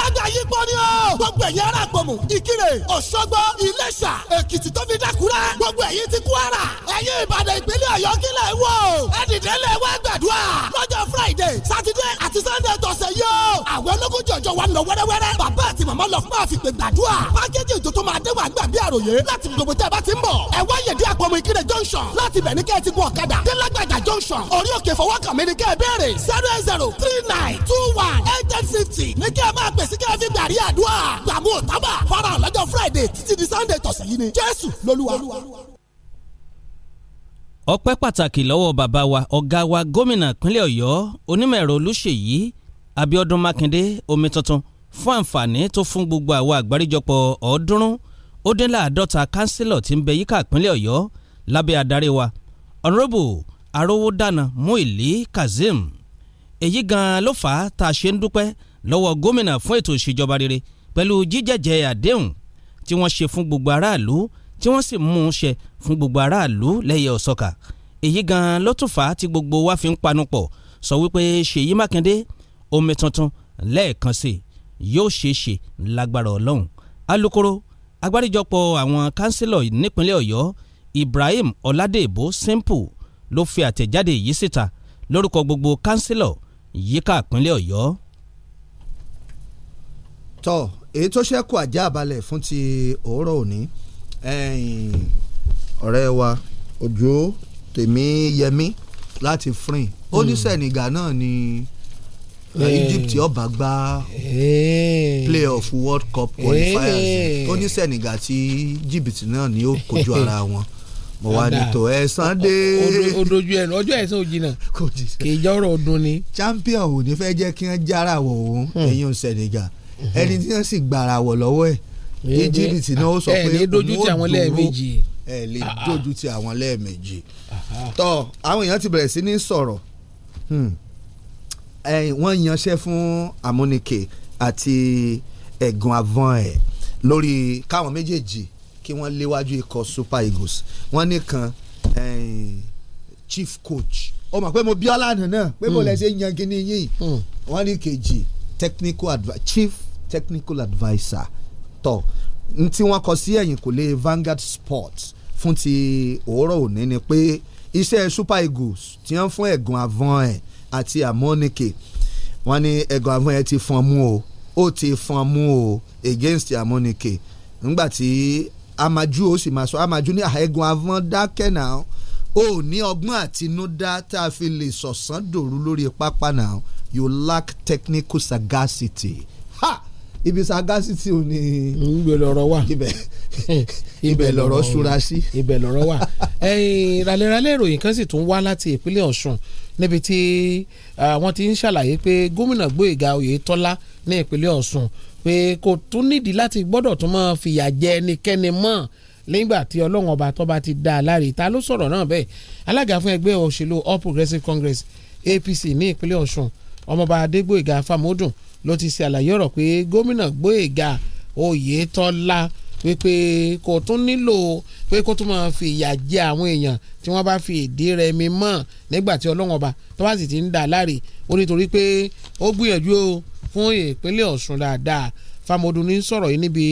alága yípo ni o. gbogbo ẹ̀yin ará gbòmù ìkirè òṣogbo iléṣà èkìtì tó fi dákúrẹ́ gbogbo ẹ̀yin ti kwara ẹ̀yin ìbàdàn ìpínlẹ̀ ọ̀yọ́ kílẹ̀ wò ẹ̀dìdẹ́lẹ̀ wá gbàdúrà lọ́jọ́ friday saturday àti sunday tọ̀sẹ̀ yóò. àwọn ológun jọjọ wa lọ wẹ́rẹ́wẹ́rẹ́ bàbá àti màmá lọ fún àfipè gbàdúrà pákéjì ètò tó máa dẹ́wọ̀ àgbà bí àròyé láti gbogbo tẹ́ ẹ bá ti ń bọ̀ ẹ wá yẹ̀dí àpọ̀mù ìkirè junction láti bẹ̀ ní kẹ́ ẹ ti gun ọ̀kadà délágbàjà junction orí òkè fọwọ́kànmí ni kẹ́ ẹ béèrè fifty ní kí ẹ máa pèsè kí ẹ fi gbàrí àdúrà gbàmú òtábà fara lọ́jọ́ friday títí di sunday tọ̀sẹ̀ yìí ni jésù lolúwa. ọpẹ́ pàtàkì lọ́wọ́ bàbá wa ọ̀gá wa gómìnà ìpínlẹ̀ ọ̀yọ́ onímọ̀ ẹ̀rọ olúṣèyí abíọ́dún mákindé omi tuntun fún àǹfààní tó fún gbogbo àwọn àgbáríjọpọ̀ ọ̀ọ́dúnrún ó dín láàdọ́ta kánsílọ̀ tí ń bẹ yíká ìpínlẹ̀ ọ̀yọ́ lábẹ́ adarí wa honourable arówódàna muili kazeem èyí gan-an ló fà á tá a ṣe ń dúpẹ́ lọ́wọ́ gómìnà fún ètò ìṣèjọba rere pẹ̀lú jíjẹ́jẹ́ àdéhùn tí wọ́n ṣe fún gbogbo aráàlú tí wọ́n sì mú un ṣe fún gbogbo aráàlú lẹ́yẹ ọ̀sọ́kà èyí gan-an ló tún fà á tí gbogbo wa fi ń panupọ̀ sọ wípé Ṣèyí Mákindé omi tuntun lẹ́ẹ̀kan sí yóò ṣeé ṣe lágbára Ọlọ́run alukoro agbáríjọpọ̀ àwọn kánsílọ̀ nípínlẹ̀ Ọ̀yọ́ Ibrahim Ọládèbó Simple ló fi àtẹ̀jáde yìí síta lórúkọ gbogbo kánsílọ̀ yíká ìpínlẹ̀ ọ̀yọ́. tọ́ èyí tó ṣẹ́kù àjá àbálẹ̀ fún ti òórọ̀ òní ọ̀rẹ́ wa òjò tèmi yẹmí láti frin ó ní hmm. sẹ̀nìgà náà ni eh, Egypt ọba gba playoff World Cup qualifiers ó ní sẹ̀nìgà tí jìbìtì náà ni ó kojú ara wọn mo wá ní tó ẹ Sunday. odojú ẹ ọjọ́ ẹ̀sán òjìnà kì í jọ́rọ̀ ọdún ni. champion ò ní fẹ́ jẹ́ kí wọ́n jára wọ̀ òun hmm. ẹ̀yìn Senegal hmm. ẹni tí wọ́n sì gbàrà wọ̀ lọ́wọ́ ẹ̀ Egypt náà ó sọ pé òun ó dúró ẹ lè ah, ah. dojú ti àwọn lẹ́ẹ̀mejì tó àwọn èèyàn ti bẹ̀rẹ̀ sí ní sọ̀rọ̀ hmm. wọ́n yanṣẹ́ fún amúnike àti ẹ̀gùn avọ́n ẹ̀ lórí káwọn méjèèjì kí wọ́n léwájú ikọ̀ Super Eagles wọ́n nìkan chief coach ó mọ̀ pé mo bí ọ́lànà náà pé mo hmm. lè ṣe yan kíní yìí hmm. wọ́n ní kejì technical chief technical adviser tọ̀ tí wọ́n kọ sí ẹ̀yìn kò lè Vanguard Sports fún ti òórọ̀ òní ni pé iṣẹ́ Super Eagles ti ń fún ẹ̀gùn àvọ́n ẹ̀ àti àmọ́nìkè wọ́n ní ẹ̀gùn àvọ́n ẹ̀ ti fọ́n mú o ó ti fọ́n mú o against àmọ́nìkè nígbàtí amaju ó sì máa sọ amaju ní àhẹ́gun avọ́n dákẹ́ náà ó ní ọgbọ́n àtinúdá tá a fi lè sọ̀sán dòru lórí pápá náà you lack technical sagacity ha ibi sagacity ò ní. ibẹ̀ lọ̀rọ̀ wà ibẹ̀ lọ̀rọ̀ ṣúra sí. ibẹ̀ lọ̀rọ̀ wà ìrànlẹ́rànlẹ́ ìròyìn kan sì tún wá láti ìpínlẹ̀ Ọ̀ṣun níbi tí wọ́n ti ń ṣàlàyé pé gómìnà Gbóyèga Oyètọ́lá ní ìpínlẹ̀ Ọ̀ṣun pé kò tún nídìí láti gbọ́dọ̀ tún máa fìyà jẹ ẹnikẹ́ni mọ́ nígbà tí ọlọ́run ọba tó bá ti dá a láre ta ló sọ̀rọ̀ náà bẹ́ẹ̀ alága fún ẹgbẹ́ òṣèlú all progressives congress apc ní ìpínlẹ̀ ọ̀ṣun ọmọọba adégbòyèga fámọ́dún ló ti ṣe àlàyé ọ̀rọ̀ pé gómìnà gbóyèga oyètọ́lá wípé kò tún nílò pé kó tún máa fi ìyà jẹ àwọn èèyàn tí wọ́n bá fi ìdí rẹmi mọ́ nígbà tí ọlọ́run ọba tó sì ti ń dá a láre ó nítorí pé ó gbìyànjú fún ìpínlẹ̀ Ọ̀ṣun dáadáa Fámọdún ní sọ̀rọ̀ yìí níbi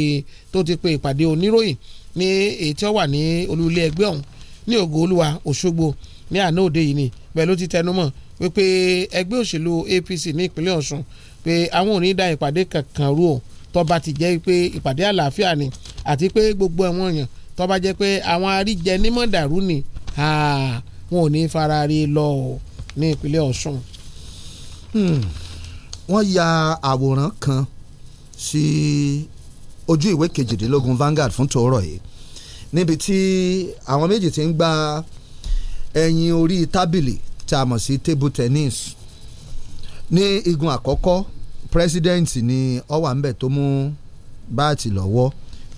tó ti pe ìpàdé oníròyìn ní èyí tí ó wà ní olú ilé ẹgbẹ́ ọ̀hún ní ògo olúwa Òṣogbo ní àná òde yìí ni bẹ́ẹ̀ ló ti tẹnumọ́ wípé ẹgbẹ́ òṣèlú APC ní ìpínlẹ̀ Ọ̀ṣun pé àwọn ò ní da ìpàdé kankan rú o tó bá ti jẹ́ pé ìpàdé àlàáfíà ni àti pé gbogbo àwọn èèyàn tó bá jẹ́ pé àwọn aríjẹ nímọ̀dàrú ni wọn ò ní fara rí lọ ní ìpínlẹ̀ Ọ̀ṣun. Hmm wọ́n ya àwòrán kan sí ojú ìwé kejìdínlógún Vanguard fún tòórọ̀ yìí níbi tí àwọn méjì ti ń gba ẹ̀yìn orí tábìlì tá a mọ̀ sí table tennis ní igun àkọ́kọ́ president ni ó wà ńbẹ̀ tó mú báàtì lọ́wọ́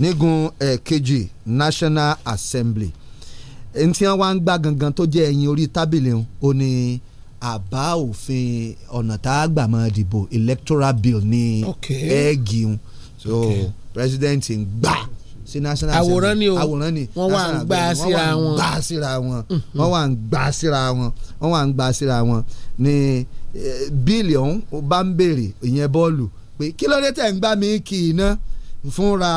nígun ẹ̀ẹ̀kejì National Assembly ntí wọn wá ń gbá gangan tó jẹ́ ẹ̀yìn orí tábìlì o ní àbá òfin ọ̀nà tá a gbà máa dìbò electoral bill ní ẹ́ẹ̀gì un so president ń gbà sí national assembly àwòrán ni o àwòrán ni wọ́n wà mhm. ń gbà síra wọn wọ́n wà ń gbà síra wọn wọ́n wà ń gbà síra wọn wọ́n eh, wà ń gbà síra wọn ní bílíọ̀n bá ń béèrè ìyẹn bọ́ọ̀lù pé kí ló dé tẹ̀ ń gbà mí kì í ná fúnra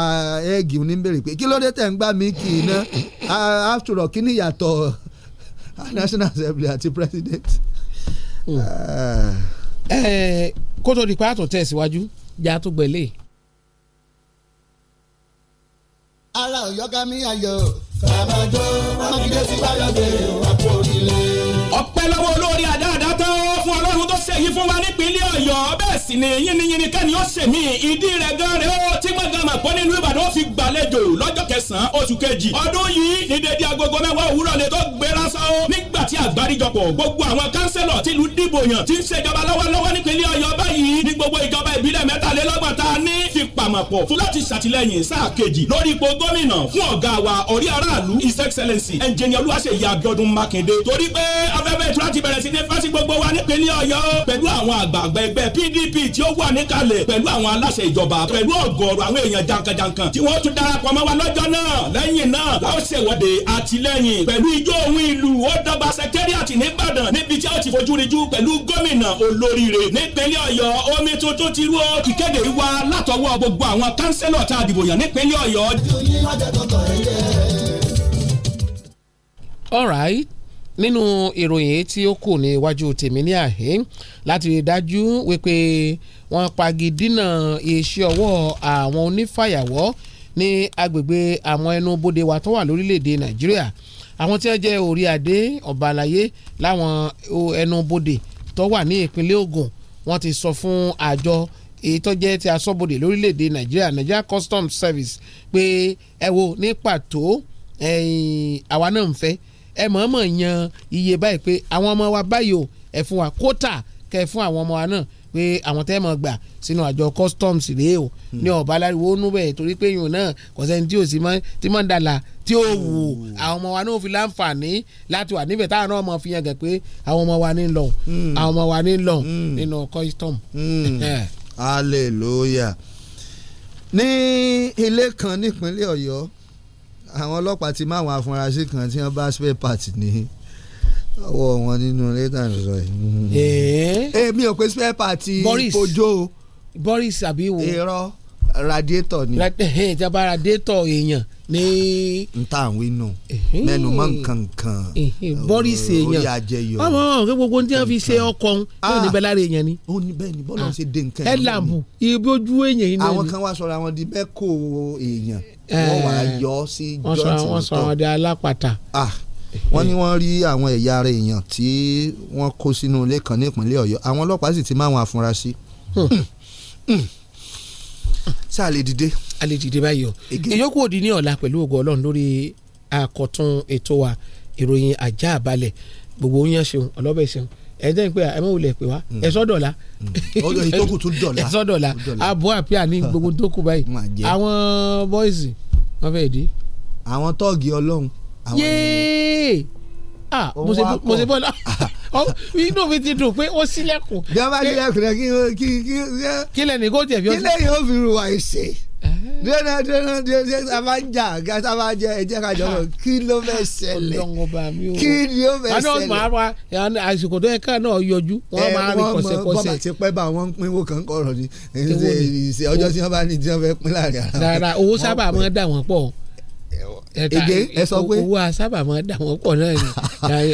ẹ́ẹ̀gì ń béèrè pé kí ló dé tẹ̀ ń gbà mí kì í ná after all kí ni ìyàtọ̀ national assembly àti president kó tó di pé àtún tẹ̀síwájú já tó gbẹ̀lé. ara ọ̀yọ́ mi ayọ̀ kàmájọ́ mákindé sí báyọ̀ bẹ̀rẹ̀ wà pọ̀ nílé. ọpẹ́ lọ́wọ́ olórí àdáàdá yìí fún wa nípínlẹ̀ ọ̀yọ́ bẹ́ẹ̀ sì ni yínníyínní kẹ́ni ó ṣe mí ìdí rẹ̀ gan rẹ̀ ó tí wọ́n gan mà pọ́ nínú ìbàdàn ó fi gbàlejò lọ́jọ́ kẹsàn-án oṣù kejì ọdún yìí ní dédé agogo mẹ́wàá òwúrọ̀ lè tó gbéra sáwọ́ nígbà tí àgbáríjọpọ̀ gbogbo àwọn kánsẹ́lọ̀ tìlú dìbò yàn ti ń ṣèjọba lọ́wọ́lọ́wọ́ nípínlẹ̀ ọ̀yọ́ báyìí ní gbogbo ìjọba ìbílẹ̀ mẹ́tàlélọ́gbọ̀n ta ní fìp àmàpọ̀ fún láti ṣàtìlẹ́yìn sáà kejì lórí ipò gómìnà fún ọ̀gá wa ọ̀rí aráàlú his excellency ẹnjẹniya olúwaṣeyí abiodun makinde torí pé afẹ́fẹ́ ìtura ti bẹ̀rẹ̀ sí ní fásitì gbogbo wa nípínlẹ̀ ọ̀yọ́ pẹ̀lú àwọn àgbààgbà ẹgbẹ́ pdp tí ó wà níkàlẹ̀ pẹ̀lú àwọn aláṣẹ ìjọba pẹ̀lú ọ̀gọ̀ọ̀rọ̀ àwọn èèyàn jankan-jankan tí wọ́n tún darapọ̀ mọ́ wa lọ́jọ́ náà lẹ́yìn náà láwọn ṣèwọ́de àtìlẹ́yìn pẹ̀lú ijó ohun ìlú ó dọ́gba sẹkẹ́rìàtì níbàdàn níbi tí ó ti fojú rinjú pẹ̀lú gómìnà olóríire nípínlẹ̀ ọ̀yọ́ omi tuntun ti rú ìkéde wa látọwọ́ gbogbo gbogbo àwọn kánsẹ́lọ̀ tá a dìbò yàn nípínlẹ̀ ọ̀yọ́. alright nínú ìròyìn tí ó kù ní iwájú tèmi ní àhín láti rí dájú wípé wọ́n pagidínà iṣẹ́ ọwọ́ àwọn onífàyàwọ́ ní agbègbè àwọn ẹnu bodè wa tó wà lórílẹ̀‐èdè nàìjíríà àwọn tí wọ́n jẹ́ orí adé ọba àlàyé láwọn ẹnu bodè tó wà ní ìpínlẹ̀ Ògùn wọ́n ti sọ fún àjọ èyí tó jẹ́ ti aṣọ́bodè lórílẹ̀‐èdè nàìjíríà nigeria customs service pé ẹ wo ní pàtó àwa náà ń fẹ́ ẹ mọ̀ọ́mọ̀ yan iye báyìí pé àwọn ọmọ wa báyìí o ẹ fún wa kóòtà kẹ fún àwọn ọmọ wa náà pé àwọn tẹ́ mọ̀ gbà sínú àjọ customs rèé o hmm. ní ọ̀bá aláriwo núbẹ̀ torí pé yòó náà kò sẹ́ni tí ò sí mọ́ tí mọ́ ń dàlà tí ó wù ú hmm. àwọn ọmọ wa náà fi láǹfààní láti wà níbẹ̀ táwọn náà mọ̀ fi yàn gẹ̀ pé àwọn ọmọ wa ní lọ hmm. àwọn ọmọ wa ní lọ nínú custom. hallelujah ní ilé kan nípínlẹ̀ ọ̀yọ́ àwọn ọlọ́pàá ti máwọn afurasí kan tí wọ́n bá spare part ní ọwọ́ wọn nínú lẹ́tà sọ yìí. èmi ò pé spare part ojó Boris àbí wo. irọ́ radiator ni. ìjọba radiator èèyàn. E ní. nta àwọn inú mẹnu mọ nǹkan kan. bọ́ọ̀lì ṣe èèyàn ọmọ ọ̀rẹ́ gbogbo ní wọ́n fi ṣe ọkọ̀ ọ̀hún yóò níbẹ̀ lára èèyàn ni. Ah, ó ní bẹ́ẹ̀ ni bọ́ọ̀lù ah, ṣe dé nǹkan yẹn. ẹ làbù ìbójú èèyàn yìí náà ni. àwọn kan wá sọ̀rọ̀ àwọn di bẹ́ẹ̀ kó èèyàn eh, wọ́n wá yọ sí jọ́ọ̀tì wọ́n sọ àwọn di alápàtà ah, eh, wọ́n ní eh. wọ́n rí àwọn ẹ̀yà ara èèyàn tí wọ́n kó sínú ilé kan ní ìpínlẹ̀ ọ̀yọ́ àwọn ọlọ́pàá sì ti máa wọn àfúnrasí hmm. hmm. hmm. sáà lè dìde a lè dìde báyìí o ìyókù òdi ní ọ̀la pẹ̀lú ògo ọlọ́run lórí àkọ́tún ètò wa ìròyìn ajá àbálẹ̀ gbogbo yẹn ṣeun ọlọ́bẹ̀ ṣeun ẹ̀jẹ̀ ń pè ẹ̀ mọ̀ wulẹ̀ pè wá ẹ̀sọ́ dọ̀la ìtókù tún dọ̀la ẹ̀sọ́ dọ̀la àbọ̀ àpíà ní gbogbo tó báyìí àwọn bọ́ìsì wọ́n fẹ́ dé. àwọn tọ́ọ̀gì ọlọ́run. yéé ah mo se mo se bọ́ọ̀lù inú mi ti dùn pé ó sílẹ̀kùn. bí wọ́n bá sílẹ̀kùn rẹ̀ kí kí kí kí lẹ́nu kó tẹ̀ fi ó sí. kí lẹ́yìn fi rú wa ṣe dẹ́nà dẹ́nà dẹ́nà a máa ń jà a máa jẹ ẹ̀jẹ̀ ká jọ lọ kí ló fẹ́ ṣẹlẹ̀ kí ni ó fẹ́ ṣẹlẹ̀. àná màá wa àsìkò tó yẹ ká náà yọjú wọn máa rí kọsẹkọsẹ. bọ́mà ti pẹ́ bá wọn pín owó kan kọ̀rọ̀ ni ọjọ́ tí wọ́n bá ní tí wọ́n pín láàrin ara wọn. rárá owó sábà máa dà wọ́n pọ̀ ẹ sọ owó sábà máa dà wọ́n pọ̀ náà ni